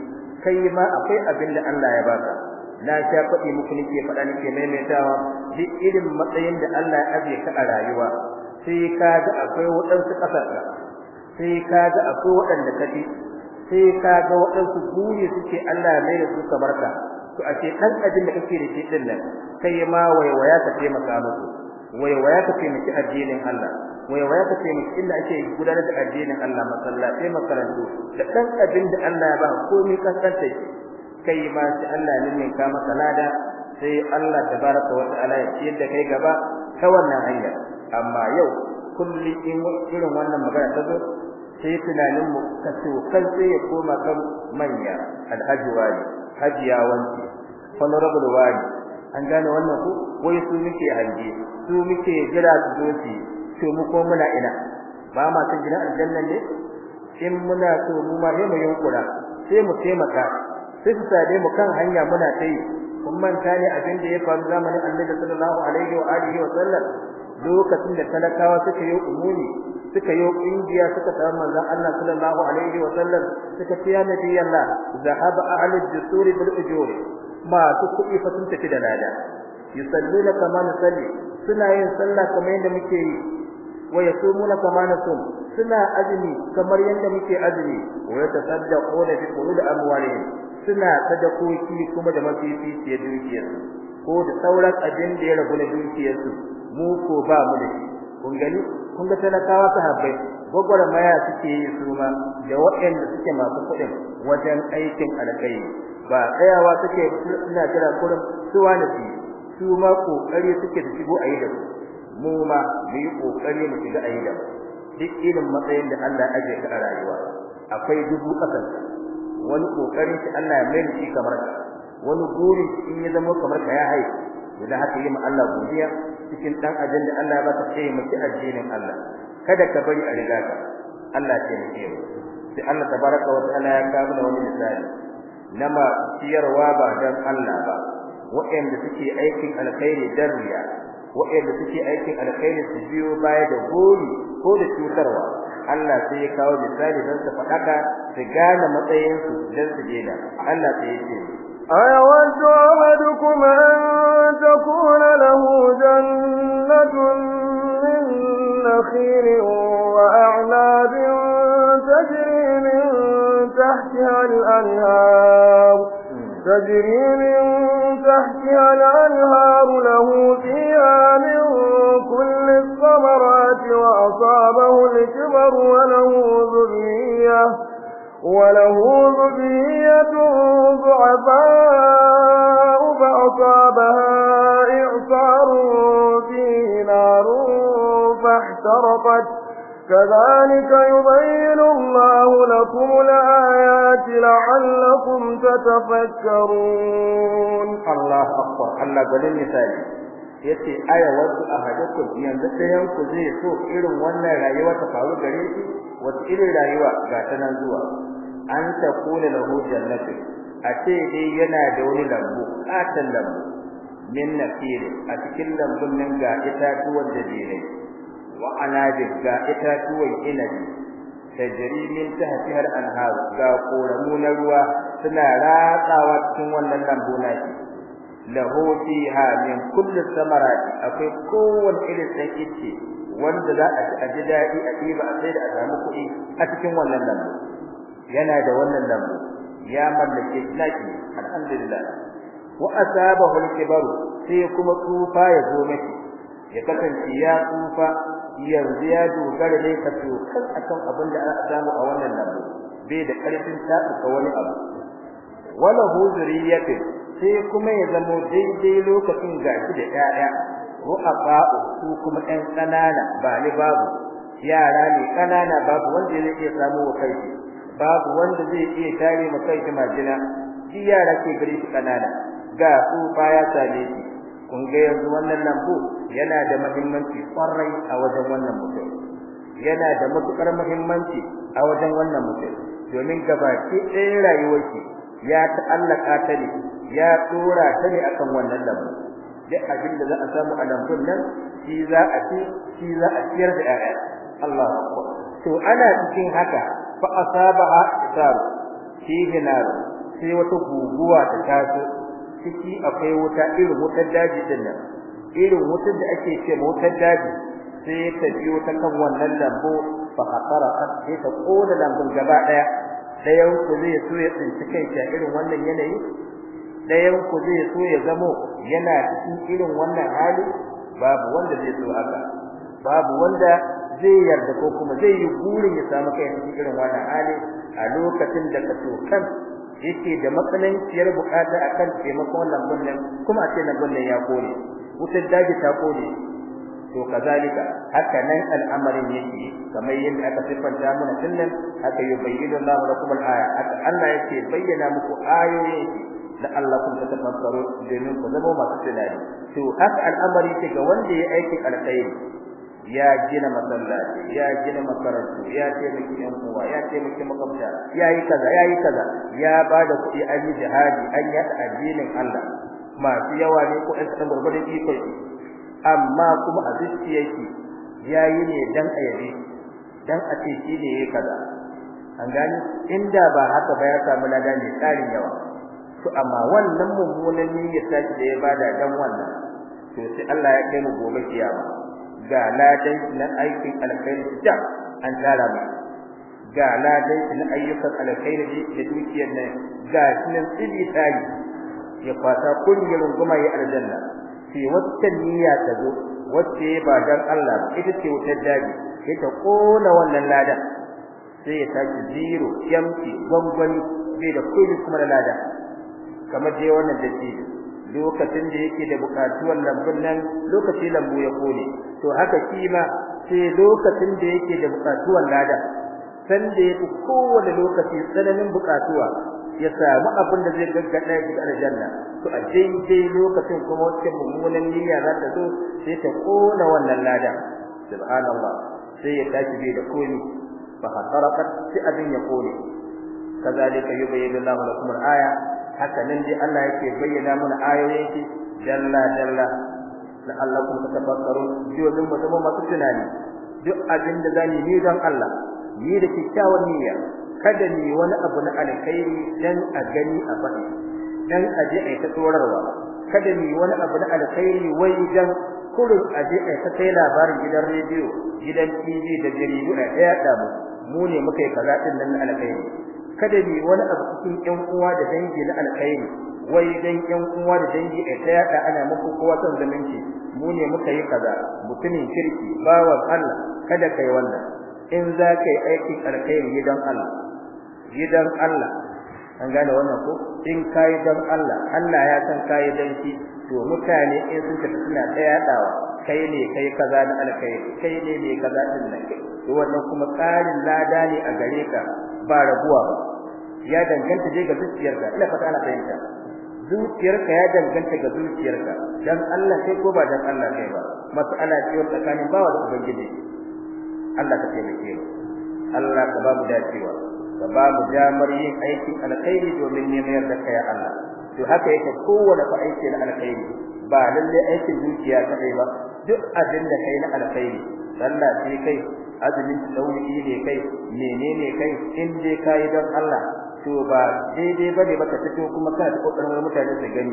kai ma akwai abin da Allah ya baka na sha fadi muku nake faɗa nake maimaitawa duk irin matsayin da Allah ya aje ka a rayuwa sai ka ga akwai waɗansu kasarka sai ka ga akwai waɗanda ka sai ka ga waɗansu buri suke Allah ya mai su kamar ka to a ce ɗan abin da kake da shi ɗin nan kai ma waiwaya ka taimaka musu waya ka taimaki addinin Allah waya ka taimaki inda ake gudanar da addinin Allah masallatai makarantu da dan abin da Allah ya ba komai kasance kai ma sai Allah ne mai ka maka lada sai Allah tabaraka wa ta'ala ya ci da kai gaba ta wannan hanya amma yau kulli in irin wannan magana ta zo sai tunanin mu ka kan sai ya koma kan manya alhaji wani hajiya wani honorable wani an gane wannan ku. wai su muke hange su muke jira su zo su to mu ko muna ina ba ma san gidan aljanna ne in muna so mu ma ne mu yunkura sai mu taimaka sai su sade mu kan hanya muna tayi kun manta ne abin da ya faru zamanin Annabi sallallahu alaihi wa alihi wa sallam lokacin da talakawa suka yi umuni suka yi kungiya suka samu manzon Allah sallallahu alaihi wa sallam suka ce nabi Allah zahaba ahlul jusuri bil ujuri masu kuɗi fa sun tafi da lada yusalluna kama nusalli suna yin sallah kamar yadda muke yi wa yasumuna kama nasum suna azumi kamar yadda muke azumi wa yatasaddaquna bi da amwalihim suna sadakoki kuma da fiye dukiyarsu ko da sauran abin da ya rabu da dukiyarsu mu ko ba mu da shi kun gani kun ga talakawa sahabbai gogwara maya suke yi suma ma da waɗanda suke masu kuɗin wajen aikin alkai ba tsayawa suke ina kira kullum suwa na su su ma kokari suke da shigo ayi da su mu ma mu yi kokari mu shiga ayi da duk irin matsayin da Allah ya aje ka a rayuwa akwai dubu kasan wani kokarin shi Allah ya mai shi kamar ka wani guri in ya zama kamar ka ya haye idan haka yi ma Allah godiya cikin dan ajin da Allah ya baka sai mu ci ajinin Allah kada ka bari a riga ka Allah ya taimake mu sai Allah tabaraka wa ta'ala ya kawo wani misali na masu siyarwa ba dan Allah ba waɗanda suke aikin alkhairi dan riya waɗanda suke aikin alkhairi su biyo baya da gori ko da cutarwa Allah sai ya kawo misali dan su fadaka su gane matsayin su dan su jeda Allah sai ya ce ayawadu ahadukum an takuna lahu jannatun min nakhilin wa a'nabin تحتها الأنهار تجري من تحتها الأنهار له فيها من كل الثمرات وأصابه الكبر وله ذرية وله ذرية ضعفاء فأصابها إعصار فيه نار فاحترقت كذلك يبين الله لكم الآيات لعلكم تتفكرون الله أكبر الله قال مثال yace aya wasu ahadukum yanzu sayan ku zai so irin wannan rayuwa ta faru gare shi wata irin rayuwa ga tanan zuwa an ta kula lahu jannatu a ce dai yana da wani lambu katan lambu min nafiri a cikin lambun nan ga itatuwan da dire wa anabin ga itatuwan inabi tajri min tahtiha al-anhar ga na ruwa suna ratsawa cikin wannan lambu naki lahu fiha kullum kulli thamarat akwai kowanne irin dan wanda za a ji daɗi a diba a sai da a samu kuɗi a cikin wannan lambu yana da wannan lambu ya mallake laki alhamdulillah wa asabahu al-kibaru sai kuma tsufa ya zo miki ya kasance ya tsufa yanzu ya dogara ne ka to kan akan abin da ana samu a wannan labo bai da karfin ta wani abu wala hu zuriyati sai kuma ya zama daidai lokacin gashi da 'ya'ya ru'afa su kuma ɗan kanana ba ni babu yara ne kanana babu wanda zai iya samu wa kai babu wanda zai iya tare ma kai majina shi yara ke gari kanana ga su baya same shi kun ga yanzu wannan lambu yana da muhimmanci kwarai a wajen wannan mutum yana da matukar muhimmanci a wajen wannan mutum domin gabaki ɗaya rayuwar ya ta'allaka ta ne ya tsora ta ne akan wannan lambu duk abin da za a samu a lambun nan shi za a ci shi za a ciyar da ƴaƴa Allah to ana cikin haka fa asabaha tsaro, shi hinar sai wata guguwa ta taso ciki akwai wuta irin wutar daji din nan irin wutar da ake ce wutar daji sai ta biyo ta kan wannan lambu fa hakara sai ta kola lambun gaba daya dayan ku zai so ya tsinci kai ta irin wannan yanayi dayan ku zai so ya zamo yana cikin irin wannan hali babu wanda zai so haka babu wanda zai yarda ko kuma zai yi burin ya samu kai cikin irin wannan hali a lokacin da ka tokan yake da matsananciyar bukata akan taimakon lambun nan kuma a ce lambun nan ya kore wutar daji ta kore to kazalika haka nan al'amarin yake kamar yadda aka siffanta mana sunan aka yi bayyana Allah lakum al-aya Allah yake bayyana muku ayoyi da Allah kun tatafakkaru domin ku zama masu tunani to haka al'amari ce ga wanda ya aiki alkhairi ya gina masallaci ya gina makarantu ya taimaki yan uwa ya taimaki makabta ya yi kaza ya kaza ya ba da kuɗi an yi jihadi an yi addinin Allah masu yawa ne ko ɗan gurgurdan ikon amma kuma a yake ya yi ne dan a yabe dan a ce shi ne ya kaza an gani inda ba haka ba ya samu lada ne tsarin yawa to amma wannan mummunan niyyar da ya bada dan wannan to sai Allah ya kai mu gobe kiyama ga ladai na aikin alkhairi da an tsara mu ga ladai na ayyukan alkhairi da dukiyar nan ga sunan tsibi tsari, ya fata kullun runguma ya aljanna sai wata niyya ta zo wacce ba dan Allah ita ce wutar dabi sai ta kona wannan lada sai ya tashi zero yamki gwangwani sai da kullu kuma da lada kamar dai wannan dace lokacin da yake da bukatuwar lambun nan lokaci lambu ya kone to haka kima sai lokacin da yake da bukatuwar lada san da yake kowane lokaci tsananin bukatuwa ya samu abin da zai gaggada shi da aljanna to a dai lokacin kuma wacce mummunan niyya za ta zo sai ta kona wannan lada subhanallah sai ya tashi bai da kone fa hasarat sai abin ya kone kazalika yubayyinu Allahu lakum al-aya haka nan dai Allah yake bayyana mana ayoyin shi dalla dalla da Allah kun tafakkaru dole mu zama masu tunani duk abin da zani ni dan Allah ni da kikkiawar niyya kada ni wani abu na alkhairi dan a gani a faɗi dan a je a ta tsorarwa kada ni wani abu na alkhairi wai dan kurin a je a ta kai labarin gidan rediyo gidan TV da jaridu a ɗaya da mu mu ne muka yi kaza din nan alkhairi kada ni wani abu cikin ƴan uwa da dangi na alkhairi wai dan ƴan uwa da dangi a ta ana muku kowa san zamanci mu ne muka yi kaza mutumin kirki bawa Allah kada kai wannan in za ka yi aikin alkhairi gidan Allah gidan Allah an gane wannan ko in kai dan Allah Allah ya san kai dan shi to mutane in sun tafi suna tsayadawa kai ne kai kaza da alkhairi kai ne mai kaza din nan to wannan kuma tsarin lada ne a gare ka ba rabuwa ba ya danganta je ga zuciyarka ina fata ana fahimta zuciyarka ya danganta ga zuciyarka dan Allah sai ko ba dan Allah kai ba mas'ala ce tsakanin bawa da ubangiji Allah ka taimake mu Allah ka ba mu dacewa ka ba mu jamar yin aikin alkhairi domin neman da kai Allah to haka yake kowanne fa aiki na alkhairi ba lalle aikin zuciya kadai ba duk abin da kai na alkhairi Allah sai kai azumin tauhidi ne kai menene kai in dai kai don Allah to ba daidai bane ne baka fito kuma kana kokarin mutane su gani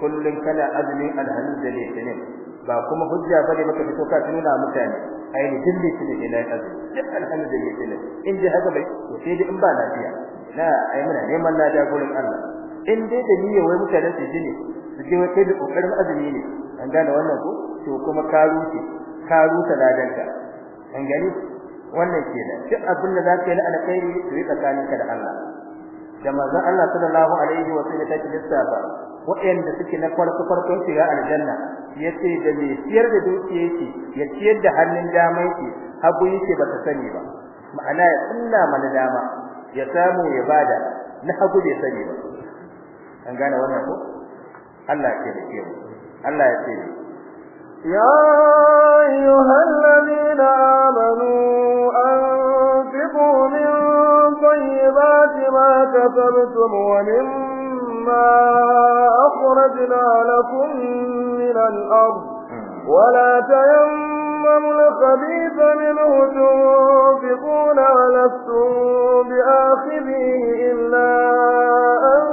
kullun kana azumi alhamdu da litinin ba kuma hujja bane ne baka fito ka nuna mutane laifin da litinin ila azumi alhamdu da litinin in ji haka bai to sai dai in ba lafiya na ai muna neman lada gurin Allah in dai da niyyar wai mutane su ji ne su ji wai kai da kokarin azumi ne an gane wannan ko to kuma ka rute ka rute ladanka an gani wannan kenan duk abin da zaka yi na alkhairi to yi tsakaninka da Allah da manzon Allah sallallahu alaihi wa sallam take lissafa waɗanda suke na farko farkon shiga aljanna yace da me siyar da dukiya yake ya ciyar da hannun dama yake hagu yake bata sani ba ma'ana ya kulla mana dama ya samu ya bada na hagu bai sani ba an gane wannan ko Allah yake da ke Allah ya ayyuhal ladina amanu anfiqu min الطيبات ما كتبتم ومما أخرجنا لكم من الأرض ولا تيمموا الخبيث منه تنفقون ولستم بآخذيه إلا أن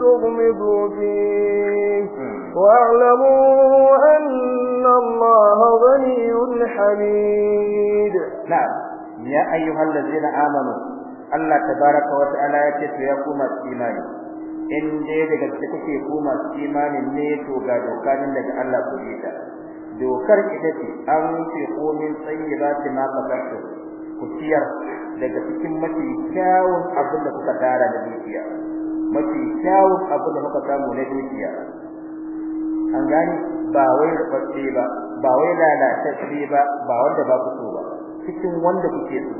تغمضوا فيه واعلموا أن الله غني حميد نعم يا أيها الذين آمنوا Allah tabaraka wa ta'ala ya ce to ya koma imani in dai daga kake kuke koma imani ne to ga dokanin daga Allah ku yi ta dokar ita ce an ce komin sayyibati ma kasarto ku ciyar daga cikin mafi kyawun abin da kuka tara da dukiya mafi kyawun abin da kuka samu na dukiya an gani. ba wai rubatse ba ba wai lalatacce ba ba wanda ba ku so ba cikin wanda kuke so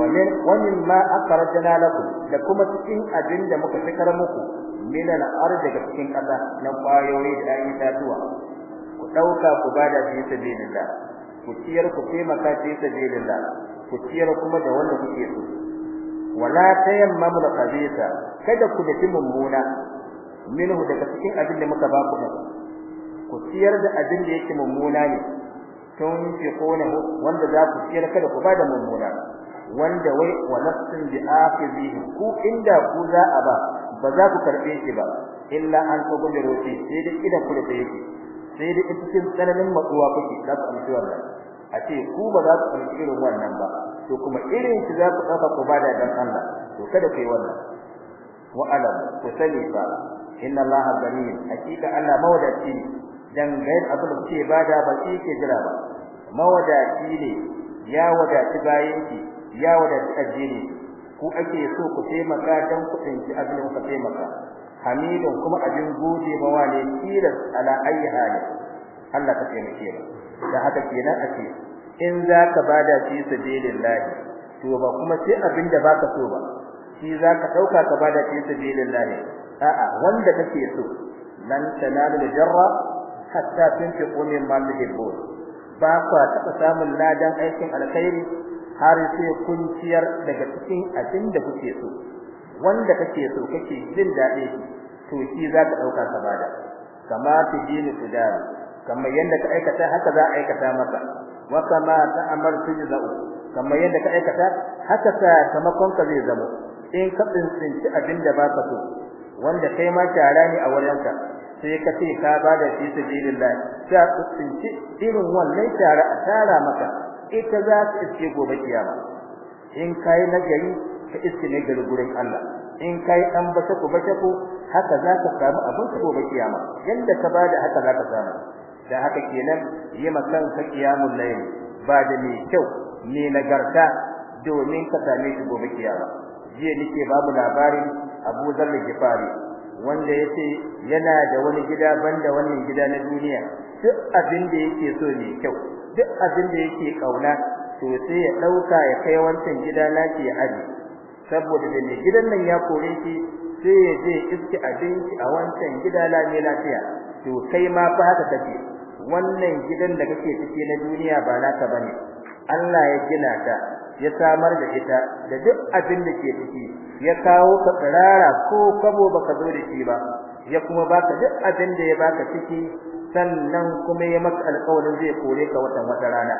ومن ومن ما أخرجنا لكم لكم تكين أبين دمك فكر مكو من الأرض تكين كذا نقا يريد أن يتاتوا كتوكا كبادة في سبيل الله كتير كتيمة في سبيل الله كتير كما دولة كتير ولا تيمم القبيثة كذا كبتي ممونة منه daga cikin abin da muka ba ku ku ciyar da abin da yake mummuna ne tun ki kona wanda za ku ciyar kada ku ba wanda wai wa nafsin bi akhizihim ku inda ku za a ba ba za ku karbe shi ba illa an ku gode roci sai dai idan ku da yake sai dai cikin tsananin matsuwa kuke za ku amshi wannan a ce ku ba za ku amshi irin wannan ba to kuma irin shi za ku dauka ku bada dan Allah to kada ku yi wannan wa alam ku sani fa inna allaha ganiyyun hakika Allah mawadaci dangane abin da kuke bada ba shi ke jira ba mawadaci ne ya wadaci bayanki ya wadata addini ku ake so ku taimaka dan ku tsinci abin ka taimaka hamidun kuma abin gode mawa ne tilas ala ayi hali Allah ka taimake ka da haka kenan ake in zaka bada fi sabilillah to ba kuma sai abin da baka so ba shi zaka dauka ka bada fi a a'a wanda kake so nan tanalu jarra hatta tunfiqu min tuhibbun ba kwa taɓa samun ladan aikin alkhairi har sai kun ciyar daga cikin abin da kuke so wanda kake so kake jin dadi to shi zaka dauka ka bada kama tijini tudar kama yanda ka aikata haka za a aikata maka wa kama ta'amar tujza'u kama yanda ka aikata haka ta kon ka zai zama in ka ci abin da baka so wanda kai ma tara ne a ka sai ka ce ka bada shi tijilillah sai ka ci irin wannan tara a tara maka ita za ta iske gobe kiyama in kai nagari ka iske ne gari gurin Allah in kai dan bata ku bata ku haka za ka samu abin ka gobe kiyama yanda ka bada haka za ka samu da haka kenan yi makan ka kiyamul layl ba da mai kyau ne nagarta domin ka same shi gobe kiyama jiya nake babu labarin Abu Dharr Gifari wanda yace yana da wani gida banda wannan gida na duniya duk abin da yake so ne kyau duk abin da yake kauna to sai ya dauka ya kai wancan gida naki ya aje saboda da ne gidan nan ya kore shi sai ya je iske abinci a wancan gida ne lafiya to kai ma fa haka take wannan gidan da kake ciki na duniya ba naka bane Allah ya gina ta ya samar da ita da duk abin da ke ciki ya kawo ka tsirara ko kabo baka zo da shi ba ya kuma baka duk abin da ya baka ciki sannan kuma ya maka alƙawarin zai kore ka watan wata rana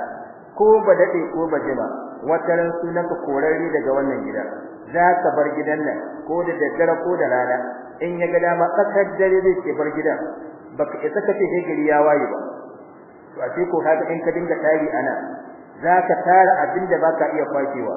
ko ba dade ko ba jima wata ran sunanka korarre daga wannan gida za ka bar gidan nan ko da daddare ko da rana in ya ga dama tsakar dare zai ke bar gidan baka isa ka tafi gari ya waye ba to a ce ko kaga in ka dinga tari ana za ka tara abin da baka iya kwakewa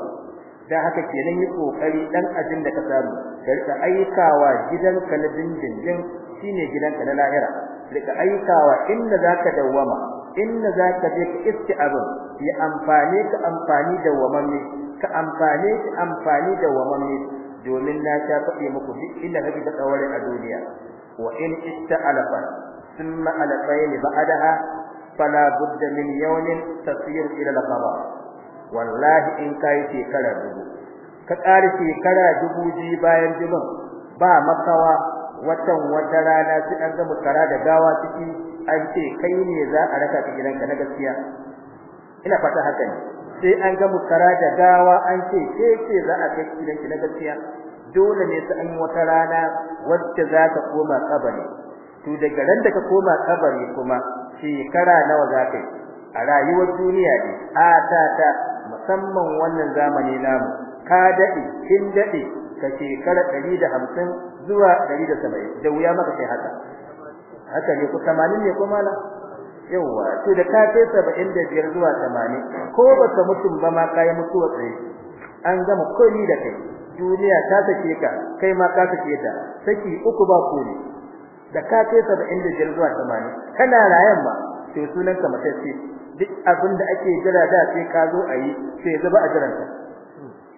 dan haka kenan yi kokari dan abin da ka samu ka rika aikawa gidanka na dindindin shine gidanka na lahira daga aikawa inda zaka dawwama inda zaka je ka iske abin ya amfane ka amfani da ka amfane ki amfani da domin na ta faɗi muku duk inda kake da kawari a duniya wa in ista'alafa thumma alafayn ba'daha fala budda min yawmin tasir ila al-qada wallahi in kai shekara dubu ka ƙara shekara dubu ji bayan jibin ba makawa watan wata rana sai an ga kara da gawa ciki an ce kai ne za a raka ka gidanka na gaskiya ina fata haka ne sai an ga kara da gawa an ce ke ce za a kai gidanki na gaskiya dole ne sai an yi wata rana wacce za ka koma kabari to daga ran da ka koma kabari kuma shekara nawa za ka yi a rayuwar duniya ne a ta ta musamman wannan zamani namu ka dade kin dade ka shekara 150 zuwa 170 da wuya maka sai haka haka ne ko 80 ne ko mala yawa to da ka kai 75 zuwa 80 ko baka mutum ba ma kai mutuwa tsaye an gama koyi da kai duniya ta take ka kai ma ka take ta saki uku ba ku ne da ka kai 75 zuwa 80 kana rayan ba to sunan ka matacce duk abin da ake jira da sai ka zo ayi sai zuba a jiranka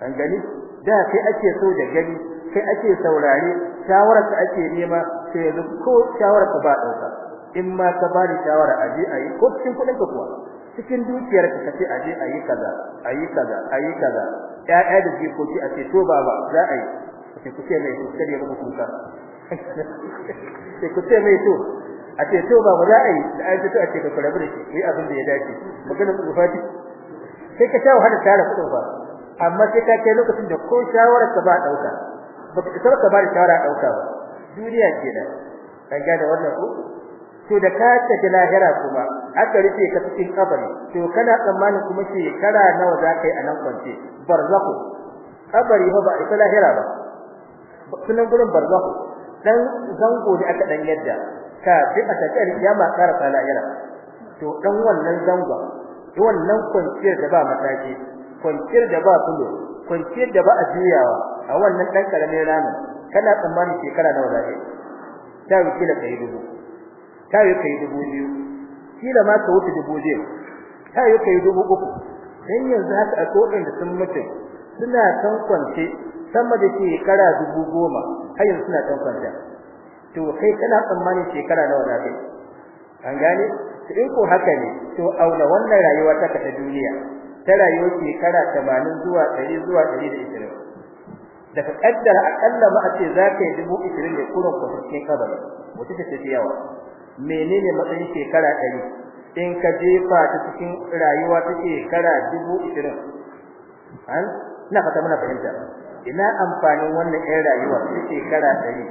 an gani da kai ake so da gani kai ake saurare shawarar ta ake nema sai yanzu ko shawarar ta ba dauka in ma ka ba ni shawara aje ayi ko cikin kudin ka kuwa cikin dukiyar ka kace aje ayi kaza ayi kaza ayi kaza ya da ko a ace to baba za a yi sai ku ce mai ku kare ku kuka sai ku ce mai to a to baba za a yi da ai to a ka kurabu bure shi abin da ya dace magana ku fati sai ka tawo hada tare ku ba amma sai ka kai lokacin da ko shawara ka ba dauka baka isar ka bari shawara dauka ba duniya kenan kan ga da wannan ko to da ka ta lahira kuma aka rike ka cikin kabari to kana tsammanin kuma kara nawa za ka yi a nan kwance barzakhu kabari ba ita lahira ba sunan gurin barzakhu dan zango da aka dan yadda ka fi a ya ma kara ta lahira to dan wannan zango wannan kwanciyar da ba mataki kwanciyar da ba kulo kwanciyar da ba a juyawa a wannan dan karamin ramin kana tsammani shekara nawa zai yi ta yi kila kai dubu ta yi kai dubu biyu kila ma ka wuce dubu biyu ta yi kai dubu uku dan yanzu haka a kodin da sun mutu suna kwance sama da shekara dubu goma har yanzu suna kwance to kai kana tsammani shekara nawa zai an gane in ko haka ne to aula wannan rayuwa ta ta duniya ta rayuwa shekara 80 zuwa 100 zuwa 120 daga kaddara akalla ma a ce za ka yi dubu 20 ne kurin cikin kabari wato ta ce yawa menene matsayin shekara ɗari in ka jefa ta cikin rayuwa ta shekara dubu 20 an na fata muna fahimta ina amfanin wannan ɗan rayuwa ta shekara ɗari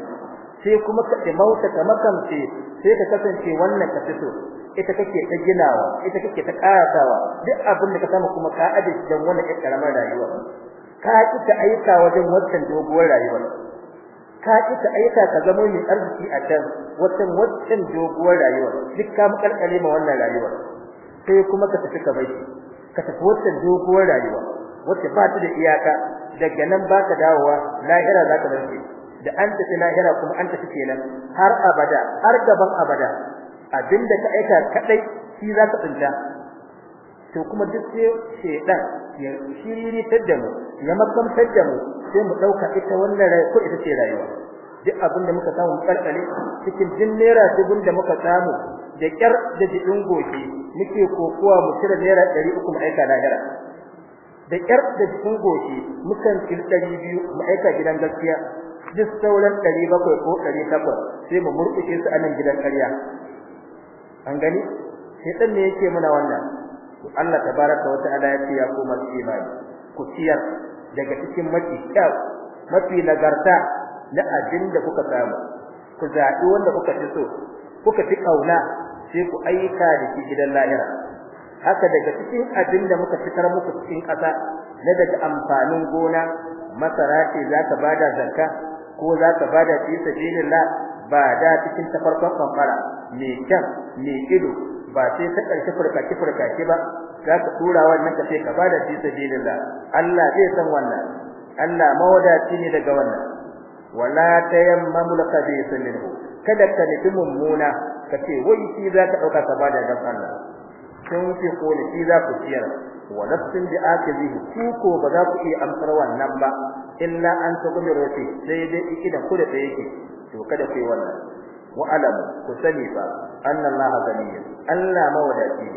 sai kuma ka mauta ka makamce sai ka kasance wannan ka fito ita kake ta ginawa ita kake ta karatawa duk abin da ka samu kuma ka aje don wannan ƙaramar rayuwa ka ki ta aika wajen wannan doguwar rayuwa ka ki ta aika ka zama mai arziki a kan wannan wannan doguwar rayuwa duk ka makalkale ma wannan rayuwa sai kuma ka tafi ka bai ka tafi wannan doguwar rayuwa wacce ba ta da iyaka daga nan ba ka dawowa lahira ka barke da an tafi lahira kuma an tafi kenan har abada har gaban abada abinda ka aika kadai shi za ka tsinta to kuma duk sai shedan ya shiriri tadda mu ya makam tadda mu sai mu dauka ita wannan rai ko ita ce rayuwa duk abinda muka samu karkare cikin din naira dubun da muka samu da kyar da jidin goke muke kokowa mu cire naira 300 mu aika lahira da kyar da jidin goke mukan cire biyu mu aika gidan gaskiya duk sauran 700 ko 800 sai mu murkushe su a nan gidan ƙarya an gani Sai dan ne yake muna wannan Allah tabaraka wa ta'ala ya ce ya ku masu imani ku daga cikin mafi kyau mafi nagarta na abin da kuka samu ku zaɓi wanda kuka fi so kuka fi ƙauna sai ku aika da shi gidan lahira haka daga cikin abin da muka fitar muku cikin ƙasa na daga amfanin gona masara ce za ka bada zakka ko za ka bada fi sabilillah ba da cikin tafarkon kamfara mai kyan mai ido ba sai ta karshe furkaci furkaci ba za ka tura wannan ka sai ka bada fi sabilillah Allah zai san wannan Allah mawadaci ne daga wannan wala tayammamul khabith minhu kada ka nufi mummuna ka ce wai shi za ka dauka ka bada dan Allah sun fi kone shi za ku ciyar wa nafsin bi akizihi ku ko ba za ku iya amsar wannan ba illa an tuqdiru fi sai dai idan ku da yake to kada ku yi wannan wa alam ku sani fa anna Allah ghaniyyun Allah mawadaci ne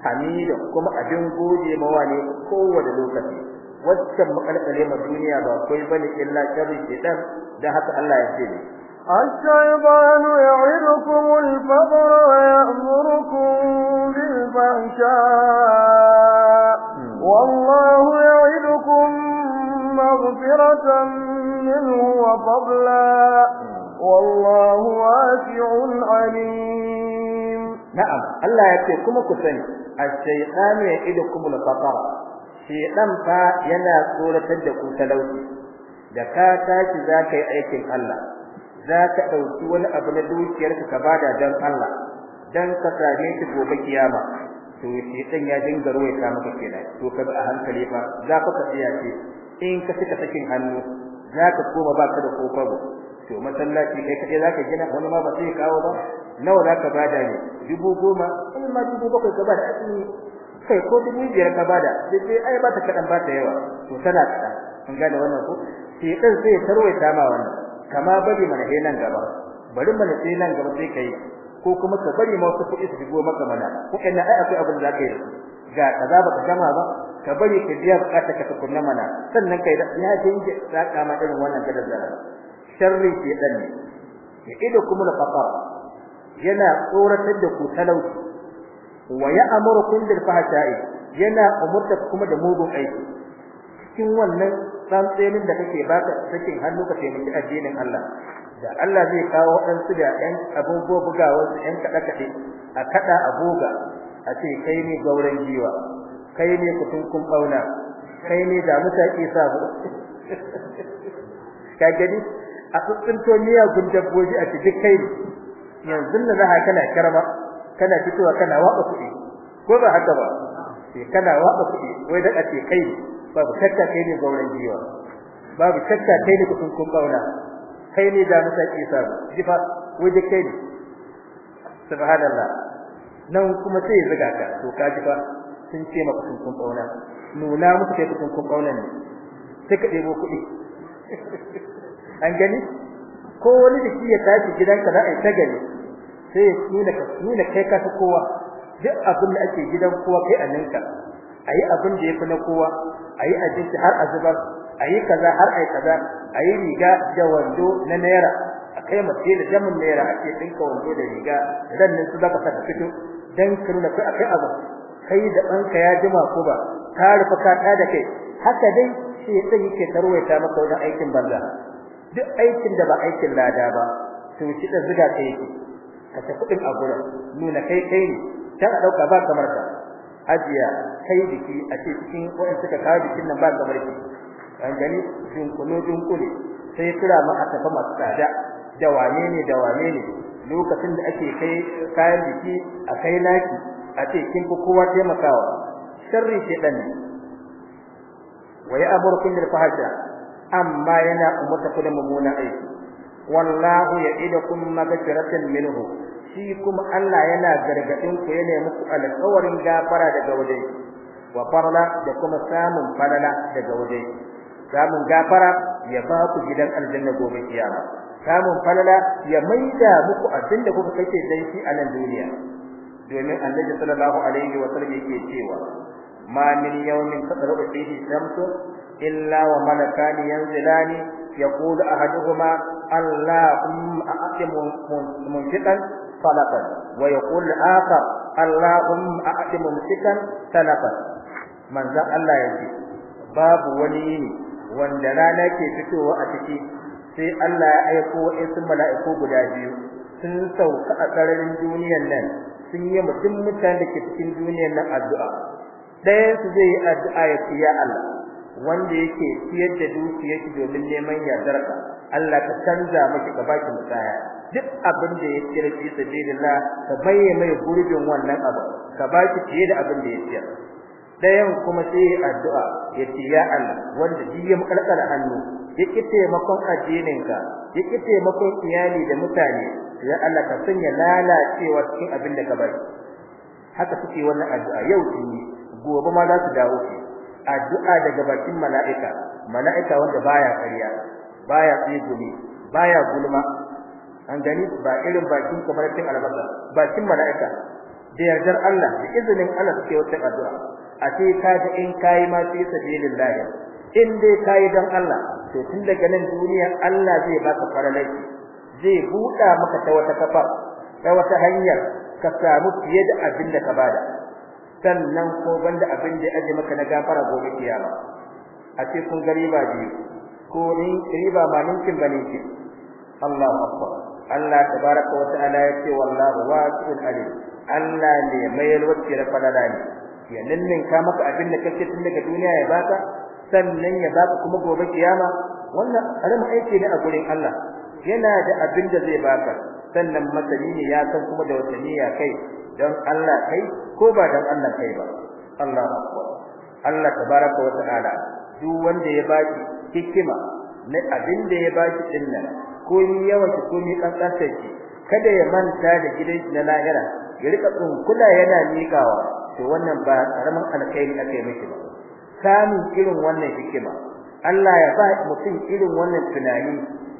hamida kuma abin gode mawa ne kowane lokaci waccan makalkale ma duniya ba kai bane illa sharri shedan da haka Allah ya ce ne الشيطان يعدكم الفقر ويأمركم بالفحشاء والله يعدكم مغفرة منه وفضلا والله واسع عليم na'am Allah ya ce kuma ku sani ash-shaytanu ya'idukum al-faqr shaytan fa yana tsoratar da ku talauci da ka tashi zaka yi aikin Allah zaka dauki wani abu na dukiyarka ka bada dan Allah dan ka same shi gobe kiyama to shaytan ya dinga ruwaita maka kenan to ka a hankali fa zaka ka tsaya ce in ka fita sakin hannu zaka koma baka da kofar to masallaci kai kaje zaka gina wani ma ba sai kawo ba nawa zaka bada ne dubu goma in ma dubu bakwai ka bada asini kai ko dubu biyar ka bada sai sai ai ba ta kadan ba ta yawa to tana kada kun gane wannan ko sai din sai tarwaita ma wannan kama bari mana he nan gaba bari mana sai nan gaba sai kai ko kuma ka bari ma wasu kuɗi su shigo maka mana ko ina ai akwai abin da zaka yi ga kaza baka gama ba ka bari ka biya bukatar ka tukunna mana sannan kai da ya dinge zaka ma irin wannan gadar da sharri ke dan ne ya ido kuma da fafa. yana tsoratar da ku talauci wa ya ya'murukum bil fahsha'i yana umurta kuma da mugun aiki cikin wannan tsayin da kake baka cikin hannu ka taimaki addinin Allah da Allah zai kawo waɗansu da ɗan abubuwa bugawar su ɗan kada kade a kaɗa a a ce kai ne gauran jiwa kai ne kun ɓauna kai ne da mutaki sabu (laughs) ka gani a tsuntsunto miyagun dabbobi a cikin kai yanzu da za kana karama kana fitowa kana waka kuɗi ko ba haka ba sai eh, kana waka kuɗi wai da ake kai babu shakka kai ne gauran jiwa babu shakka kai ne kusun kun bauna kai ne da musa isa jifa Wai da kai ne subhanallah nan kuma sai zuga ka to ka jifa sun ce maka kusun kun bauna nuna musu kai kusun kun bauna ne sai ka debo kuɗi (laughs) an gani ko wani da shi ya tashi gidanka za a yi ta gani sai ni da ni da kai ka kowa duk abin da ake gidan kowa kai a ninka ayi abin da yake na kowa ayi ajinki har azubar ayi kaza har ayi kaza ayi riga da wando na naira akai mace da jamin naira ake dinka wando da riga dan nan su zaka ta fito dan kirna kai akai abu kai da ka ya jima ko ba ka rufa ka ta da kai haka dai sai sai yake tarwaita maka wannan aikin banza duk aikin da ba aikin lada ba to shi da zuga kai ka kuɗin kudin a nuna kai kai ne dan a dauka ba kamar ka ajiya kai biki a ce cikin wayan suka kawo bikin nan ba kamar ki an gani jin kuno kuli sai kira ma a tafi masu tsada da wane ne da wane ne lokacin da ake kai kayan biki a kai laki a ce kin fi kowa taimakawa sharri ke dan wa ya da bil amma yana umurta kudin da aiki wallahu ya'idukum magfiratan minhu shi kuma Allah yana gargadin ku yana muku alƙawarin gafara daga waje wa farla da kuma samun falala daga waje samun gafara ya ba ku gidan aljanna gobe kiyama samun falala ya maida muku abin da kuka kake danki a nan duniya domin Annabi sallallahu alaihi wa sallam yake cewa ma min yawmin tadru fihi shamsu illa wa malakani yanzilani يقول أحدهما اللهم أعطي منفقا طلبا ويقول آخر اللهم أعد ممسكا Allah من ذا الله يجي باب وليني wanda rana ke fitowa a ciki sai Allah ya aiko wasu mala'iku guda biyu sun sauka a sararin duniyar nan sun yi mutum mutane da ke cikin duniyar nan addu'a ɗayan su zai yi addu'a ya ce ya Allah wanda yake ciyar da dukiyar domin neman yardarka Allah ka canza miki ka baki musaya duk abin da ya tsira fi sabilillah ka baye mai gurbin wannan abu ka ba shi fiye da abin da ya tsira dayan kuma sai addu'a ya ce ya Allah wanda duk ya da hannu ya ki taimakon addininka ya ki taimakon iyali da mutane ya Allah ka sanya lalacewa cikin abin da ka bari haka suke wannan addu'a yau sun gobe ma za su dawo ke. addu'a daga bakin mala'ika mala'ika wanda baya kariya baya tsegumi baya gulma an gani ba irin bakin kamar cikin albasa bakin mala'ika da yardar Allah da izinin Allah suke wata addu'a a ce ka da in kai ma fi sabilillah in dai kai dan Allah to tun daga nan duniya Allah zai baka faralai zai buɗa maka ta wata kafa ta wata hanyar ka samu fiye da abin da ka bada sannan ko banda abin da aje maka na gafara gobe kiyama a ce kun ba ji ko ni riba ba ninkin ba ninkin Allahu akbar Allah tabaraka wa ta'ala yace wallahu wasi'un alim Allah ne mai yalwace da falala ne ya nannin ka maka abin da kake tun daga duniya ya baka sannan ya baka kuma gobe kiyama wannan karamin aiki ne a gurin Allah yana da abin da zai baka sannan masani ne ya san kuma da wata niyya kai don Allah kai ko ba don Allah kai ba Allah akbar Allah tabaraka wa ta'ala duk wanda ya baki hikima na abin da ya baki din Ko komi yawa ki komi kankanta ki kada ya manta da gidan na lahira ya rika kula yana mikawa to wannan ba karaman alkhairi ake miki ba samun irin wannan hikima Allah ya ba mutum irin wannan tunani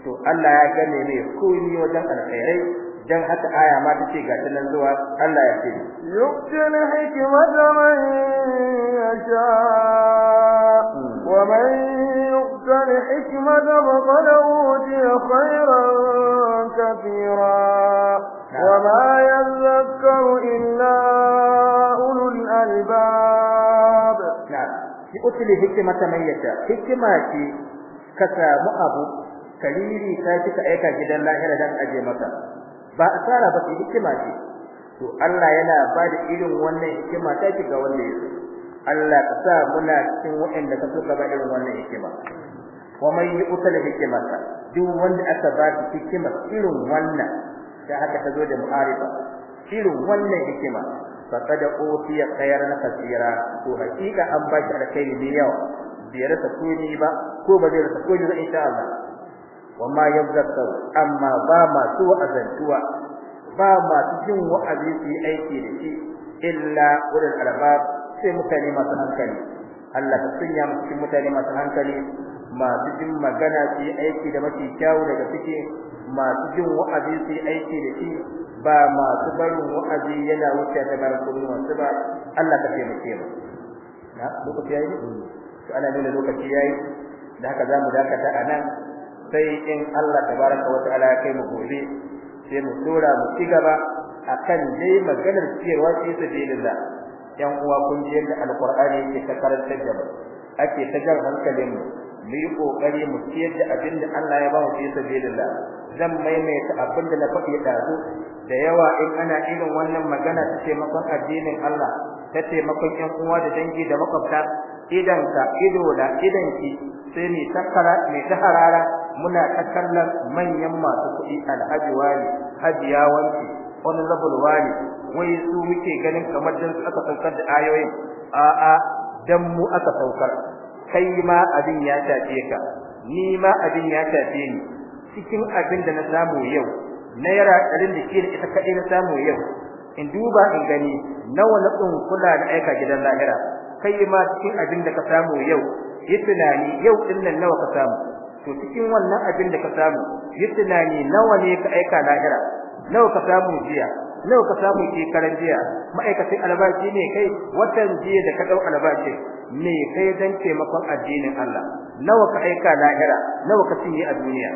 to Allah ya gane ne komi wajen alkhairai dan haka aya ma tace ga tunan zuwa Allah ya ce yuqtil hikmata man yasha wa man وَأُوتَ الْحِكْمَةَ فَقَدْ أُوتِيَ خَيْرًا كَثِيرًا وَمَا يَذَّكَّرُ إِلَّا أُولُو الْأَلْبَابِ في utili hikimata mai yata hikima ce ka samu abu kariri ta kika aika gidan lahira dan aje maka ba asara ba hikima ce to Allah yana ba da irin wannan hikima ta ga wanda yake Allah ka sa muna cikin waɗanda ka so gaba irin wannan hikima wa man yu'ta hikmata duk wanda aka ba shi hikima irin wannan da haka tazo da mu'arifa irin wannan hikima ya utiya na kaseera to hakika an ba shi alkhairi ne yawa bai rasa komai ba ko ba zai rasa komai ba insha Allah wa ma yadhakkar amma ba ma su azantuwa ba ma jin wa'azi su aiki da shi illa wurin albab sai mutane masu hankali Allah ta sanya mu mutane masu hankali masu jin magana su aiki da mafi kyawu daga suke masu jin wa'azi su aiki da shi ba masu barin wa'azi yana wuce ta bar wasu ba Allah ka taimake mu na lokaci yayi to ana nuna lokaci yayi da haka zamu dakata a nan sai in Allah tabaraka wa ta'ala ya kai mu gobe sai mu tura mu ci gaba akan dai maganar ciyarwa ce ta dalilin yan uwa kun ji yadda alqur'ani yake ta karantar da mu ake ta jar hankalin mu mu yi kokari mu siyar da abin da Allah ya ba mu fi sabilillah zan maimaita abin da na faɗi ɗazu da yawa in ana irin wannan magana ta taimakon addinin Allah ta taimakon ƴan uwa da dangi da makwabta idan ka ido da idan ki sai ni takkara ta taharara muna takallar manyan masu kuɗi alhaji wani hajiya wani zabul wani wai su muke ganin kamar dan aka saukar da ayoyin a'a dan mu aka saukar kai ma abin ya tafe ka ni ma abin ya tafe ni cikin abin da na samu yau na yara ɗarin da ke ita kaɗai na samu yau in duba in gani nawa na tsun kula da aika gidan lahira kai ma cikin abin da ka samu yau yi tunani yau din nan nawa ka samu to cikin wannan abin da ka samu yi tunani nawa ne ka aika lahira nawa ka samu jiya nawa ka samu shekaran jiya ma'aikacin albashi ne kai watan jiya da ka dau albashi me kai dan taimakon addinin Allah nawa ka aika lahira nawa ka cinye a duniya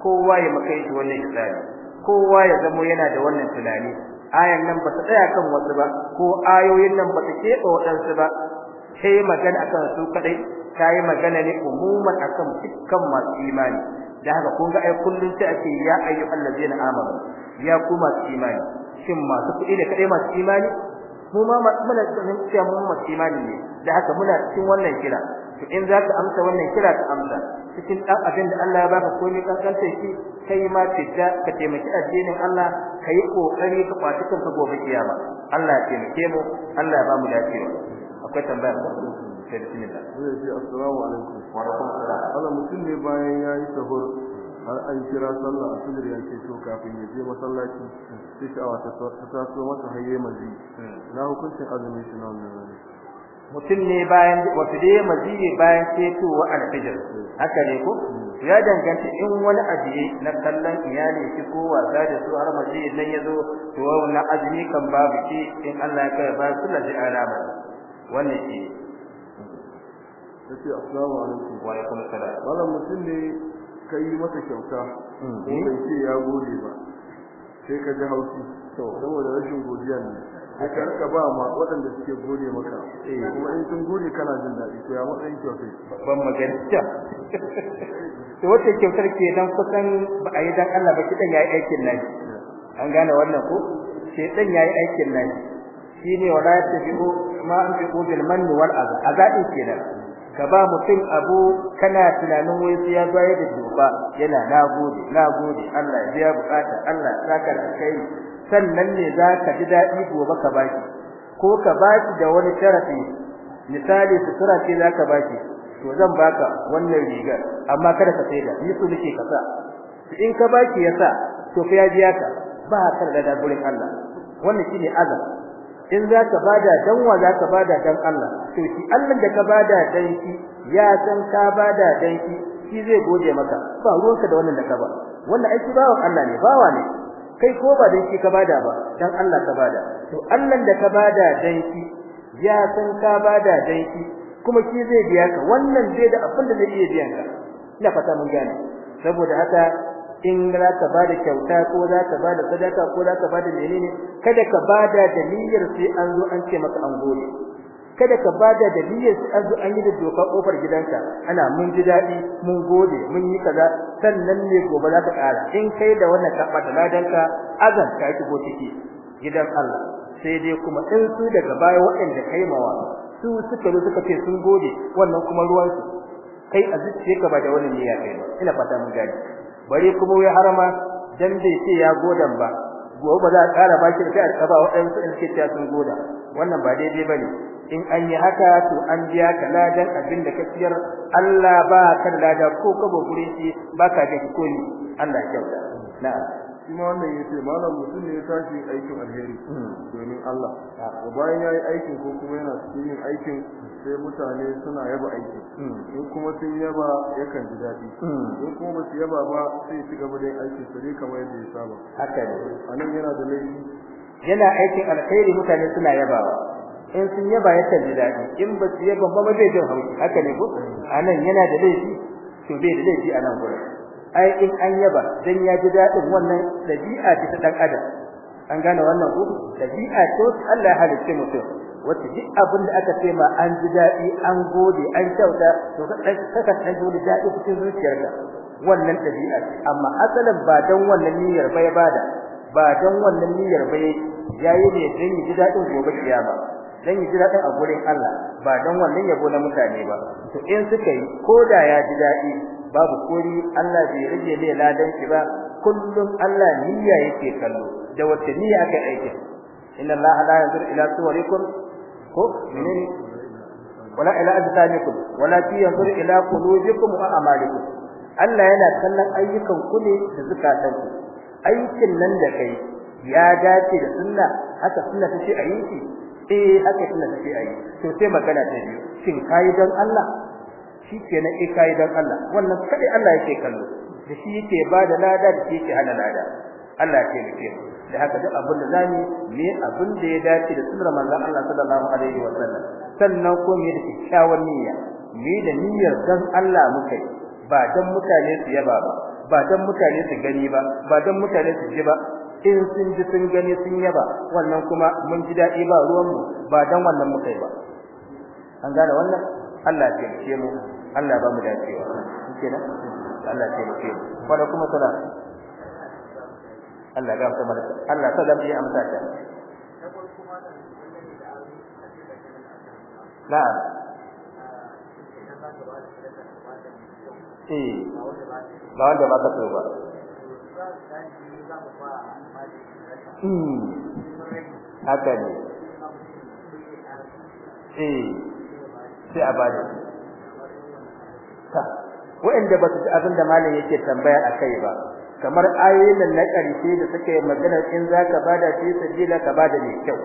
kowa ya maka yi wannan hisabi kowa ya zamo yana da wannan tunani ayan nan ba ta tsaya kan wasu ba ko ayoyin nan ba ta keɓe waɗansu ba sai magana akan su kadai ta magana ne umuman akan dukkan masu imani da haka kun ga ai kullun ta ake ya ayyuhallazina amanu ya kuma imani shin masu kuɗi ne kadai masu imani mu ma muna ganin cewa mu mu ne da haka muna cikin wannan kira to in za ka amsa wannan kira ka amsa cikin dan abin da Allah ya baka komai kanta shi kai ma tijja ka taimaki addinin Allah kai kokari ka kan kanka gobe kiyama Allah ya taimake mu Allah ya ba mu dacewa akwai tambaya ko sai da zai ji assalamu alaikum wa rahmatullahi Allah mutum ne bayan yayi sahur har an kira sallah asir ya ce to kafin ya je masallaci sha'awa ta taso masa haye hmm. na hukuncin azumi shi mutum ne bayan wato dai mazi bayan ketowa alfijir haka ne ko hmm. ya danganta in wani ajiye na kallon iyali ki ko wasa da su har mazi nan yazo to wannan azumi kan babu ki in Allah ya kai ba su laji alama wannan shi sai assalamu alaikum wa alaikum wannan mutum ne kai masa kyauta hmm. ko bai ce ya gode ba sai ka ji haushi saboda rashin godiya ne sai ka ba ma waɗanda suke gode maka eh. kuma in sun gode kana jin daɗi to ya matsayin Ban babban maganta to wata kyautar ke dan kusan ba a yi dan Allah ba ya yi aikin nan an gane wannan ko shedan yi aikin nan ne wala tafi'u ma an fi bil manni wal azab azabi kenan ka ba mutum abu kana tunanin wai sai ya bayar da duba yana nagode nagode Allah ya biya bukata Allah saka da kai sannan ne za ka ji daɗi gobe ka baki ko ka baki da wani sharafi misali sutura ce za ka baki to zan baka wannan rigar amma kada ka da ni su nake ka sa in ka baki ya sa to fa ya biya ka ba ka da gurin Allah wannan shine azab in zaka bada dan wa zaka bada dan Allah to shi Allah da ka bada dan shi ya san ka bada dan shi shi zai gode maka ba ruwanka da wannan da ka ba wannan aiki bawa Allah ne bawa ne kai ko ba dan shi ka bada ba dan Allah ka bada to Allah da ka bada dan shi ya san ka bada dan shi kuma shi zai biya ka wannan zai da abin da zai iya biyan ka ina fata mun gane saboda haka in za ka da kyauta ko za ka bada sadaka ko za ka bada menene kada ka bada da sai an zo an ce maka an gode kada ka bada da sai an zo an yi da doka kofar gidanka ana mun ji dadi mun gode mun yi kaza sannan ne gobe za ka kara in kai da wannan ka da ladanka azan ka ciki gidan Allah sai dai kuma in su daga baya waɗanda kai mawa su suka zo suka ce sun gode wannan kuma ruwansu kai a ka ba da wani niyya kai ina fata mun gani Bari kuma wai harama dan bai ce ya godan ba gobe ba za a kara baki da a tsaba waɗansu in suke sun goda wannan ba daidai bane in an yi haka to an biya ka ladan abin da ka siyar Allah ba ka lada ko ka gure shi ba ka da ko ni Allah ya kyauta na'am Kuma wannan ya ce malam mutum ne ya tashi aikin alheri domin Allah da bayan ya yi aikin ko kuma yana cikin yin aikin sai mutane suna yaba aikin in kuma sun yaba yakan ji daɗi in kuma ba su yaba ba sai ci gaba da yin aikin su dai kamar yadda ya saba haka ne a nan yana da laifi yana aikin alheri mutane suna yabawa in sun yaba yakan ji daɗi in ba su yaba ba ma zai jin hauki haka ne ko a nan yana da laifi to bai da laifi a nan gurin ai in an yaba dan ya ji dadin wannan dabi'a ta dan adam an gane wannan ko dabi'a to Allah ya halicce mutum wacce duk abin da aka ce ma an ji dadi an gode an kyauta to saka dan ji dadi cikin ka wannan dabi'a amma asalin ba dan wannan niyyar ba ya bada ba dan wannan niyyar ba yayi ne dan ji dadin gobe kiyama dan ji dadin a gurin Allah ba dan wannan yabo na mutane ba to in suka yi koda ya ji dadi babu kori Allah bai rage ne ladan ba kullum Allah niyya yake kallo da wata niyya aka aike inna Allah la yanzur ila suwarikum ko minni wala ila ajsamikum wala yanzur ila qulubikum wa amalikum Allah yana kallon ayyukan ku ne da zakatan ku aikin nan da kai ya dace da sunna haka sunna take ayyuki. eh haka sunna tace ayyuki. to sai magana ta biyu shin kai don Allah shikenan na kai dan Allah wannan kai Allah yake kallo da shi yake ba da lada da yake hana lada Allah yake nake da haka duk abin da zani me abin da ya dace da sunnar manzon Allah sallallahu alaihi wa sallam sannan ko me da kyakkyawar niyya me da niyyar dan Allah muke ba dan mutane su yaba ba ba dan mutane su gani ba ba dan mutane su ji ba in sun ji sun gani sun yaba wannan kuma mun ji dadi ba ruwan mu ba dan wannan muke ba an gane wannan Allah ya taimake mu Allah ba mu dacewa kenan Allah ya taimake mu wala kuma sana Allah ga kuma Allah ta zama ya amsa ta na eh ba wanda ba ta ba Hmm. Haka ne. Eh. Sai a wanda ba su ji abin da malam yake tambaya akai ba kamar ayoyin nan na karfi da suke magana in zaka bada shi sabila ka bada mai kyau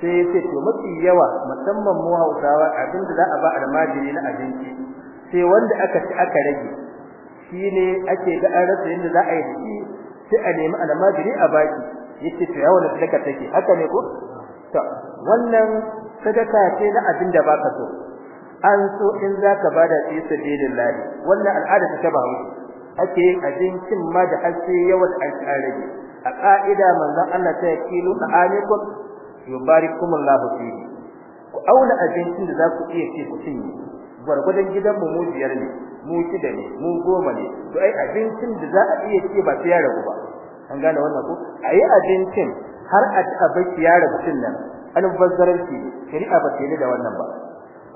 sai yace to mafi yawa musamman mu Hausawa abin da za a ba almajiri na abinci sai wanda aka ci aka rage shine ake ga an rasa yadda za a yi shi sai a nemi almajiri a baki yace to yawa da sadaka take haka ne ko to wannan sadaka ce na abin da baka so an so in zaka bada shi sabilillah wannan al'ada ta taba mu ake abincin ma da ake yawan al'arabi a ka'ida manzon Allah ta yakilu ta'alikum yubarikumullahu fihi ku auna abincin da za ku iya ce ku cinye gurgudan gidan mu biyar ne mu da ne mu goma ne to ai abincin da za a iya ce ba sai ya ragu ba an gane wannan ko ayi abincin har a ci abinci ya ragu nan an bazzaranci shari'a ba ta da wannan ba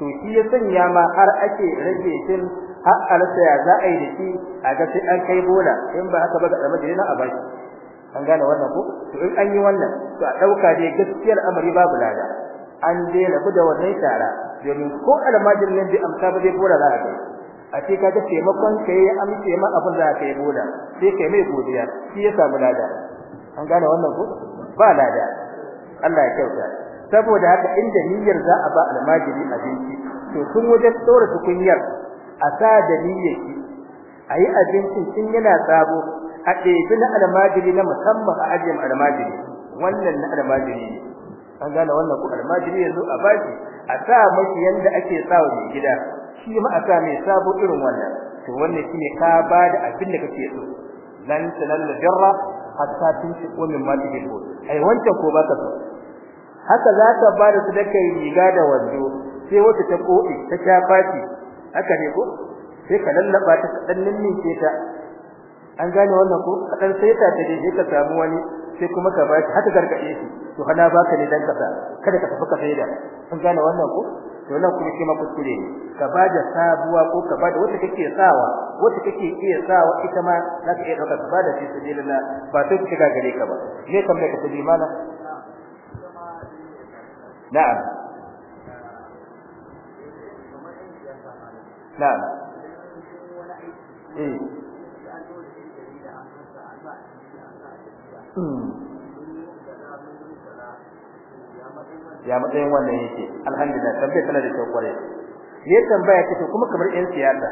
to shi ya sanya ma har ake rage cin har alasa ya za a yi da shi a ga sai an kai bola in ba haka ba ga madina a baki an gane wannan ko to in an yi wannan to a dauka dai gaskiyar amari babu lada an na ku da wannan tara domin ko almajirin nan bai amsa ba zai bola za a ga a ce ka kaga taimakon kai ya amce ma abin da kai bola sai kai mai godiya shi ya samu lada an gane wannan ko ba lada Allah ya kyauta saboda haka inda niyyar za a ba almajiri abinci to kun wajen tsora tukunyar a sa da niyyarki ayi abincin sun yana sabo a ɗebi na almajiri na musamman a ajiyar almajiri wannan na almajiri ne an gane wannan ko almajiri yanzu a baki a sa mashi yanda ake sa wa mai gida shi ma a sa mai sabo irin wannan to wannan shine ka ba da abin da kake so lan da jarra hatta min mimma ko ai wancan ko baka so haka za ka ba da su da kai riga da wando sai wata ta koɗi ta shafa haka ne ko sai ka lallaba ta kadan ninninke ta an gane wannan ko kadan sai ta ta je ka samu wani sai kuma ka bashi. haka gargade shi to hana baka ne dan kasa kada ka tafi ka faida an gane wannan ko to wannan kuma shi ma kuskure ne ka bada sabuwa ko ka bada wata kake sawa wata kake iya sawa ita ma za ka iya dauka ka bada shi sabilillah ba sai ka gare ka ba ne kamar ka tabi mana na'am na'am ya matsayin wannan yake alhamdulillah tambayar tana da kyau kware ya tambaya kace kuma kamar yan siyasa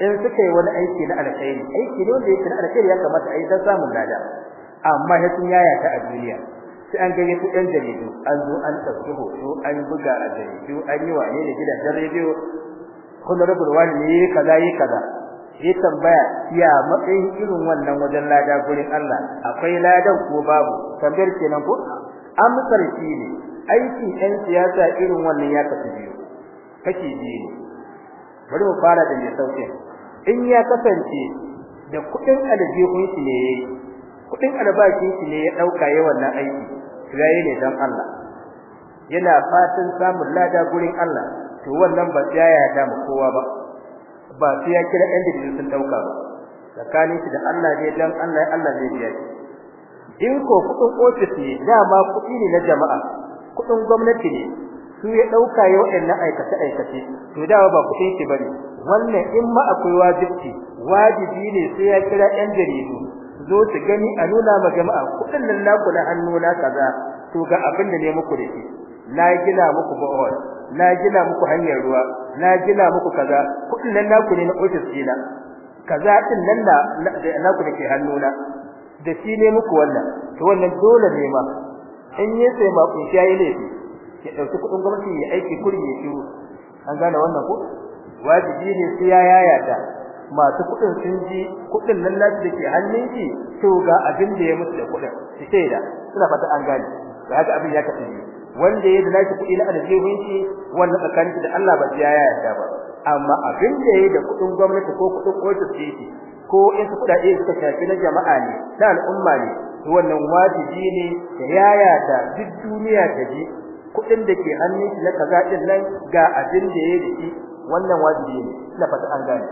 in suka yi wani aiki na alkhairi aiki ne wanda yake na alkhairi ya kamata a yi dan samun lada amma ya sun yaya ta a duniya sai an gani ɗan jaridu an zo an tsauki hoto an buga a jaridu an yi wane da gidajen rediyo da wani ne kaza yi kaza ya tambaya ya matsayin irin wannan wajen lada gurin Allah akwai lada ko babu tambayar kenan ko amsar shi ne aikin ɗan siyasa irin wannan ya kasu biyu kake ji bari mu fara da mai sauke in ya kasance da kuɗin kun shi ne kuɗin albashin shi ne ya ɗauka yayin wannan aiki yayi ne dan Allah yana fatan samun lada gurin Allah to wannan ba ya yarda mu kowa ba ba sai ya kira ɗan jaridu sun dauka ba tsakanin shi da Allah ne dan Allah Allah zai biya shi in ko kudin office ne dama kudi ne na jama'a kudin gwamnati ne su ya dauka yau na aikace aikace to dawa ba kudin ki bane wannan in ma akwai wajibi wajibi ne sai ya kira ɗan jaridu zo su gani a nuna ma jama'a kudin nan naku na hannu na kaza to ga abin da ne muku da shi na gina muku ba'ol na gina muku hanyar ruwa na gina muku kaza kudin nan naku ne na ofis dina kaza din nan na naku dake hannuna da shi ne muku wannan to wannan dole ne ma in yi sai ma kun shayi ne ya dauki kudin gwamnati ya aiki kurye ya shiru an gane wannan ko wajibi ne sai ya yayata masu kudin sun ji kudin nan nasu dake hannun shi to ga abin da ya mutu da kudin sai da suna fata an gane da haka abin ya kafi wanda ya da nashi kuɗi na aljihun shi wanda tsakanin da Allah ba ya yarda ba amma abin da ya da kuɗin gwamnati ko kuɗin ofis shi ko in su kuɗaɗe suka shafi na jama'a ne na al'umma ne to wannan wajibi ne da yaya da duk duniya ta ji kuɗin da ke hannun shi na kaza din nan ga abin da ya da shi wannan wajibi ne na fata an gane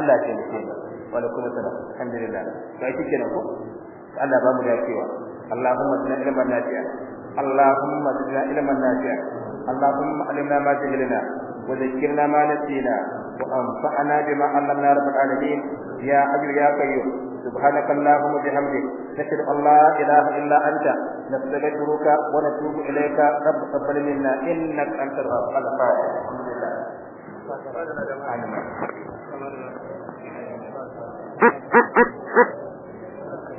Allah ya taimake mu wa alaikum assalam alhamdulillah sai kike nan ko Allah ba mu cewa Allahumma inna ilman nafi'a اللهم زدنا علما نافعا اللهم علمنا ما جهلنا وذكرنا ما نسينا وانصحنا بما علمنا رب العالمين يا حي يا قيوم سبحانك اللهم وبحمدك نشهد ان لا اله الا انت نستغفرك ونتوب اليك رب تقبل منا انك انت الرب الحمد لله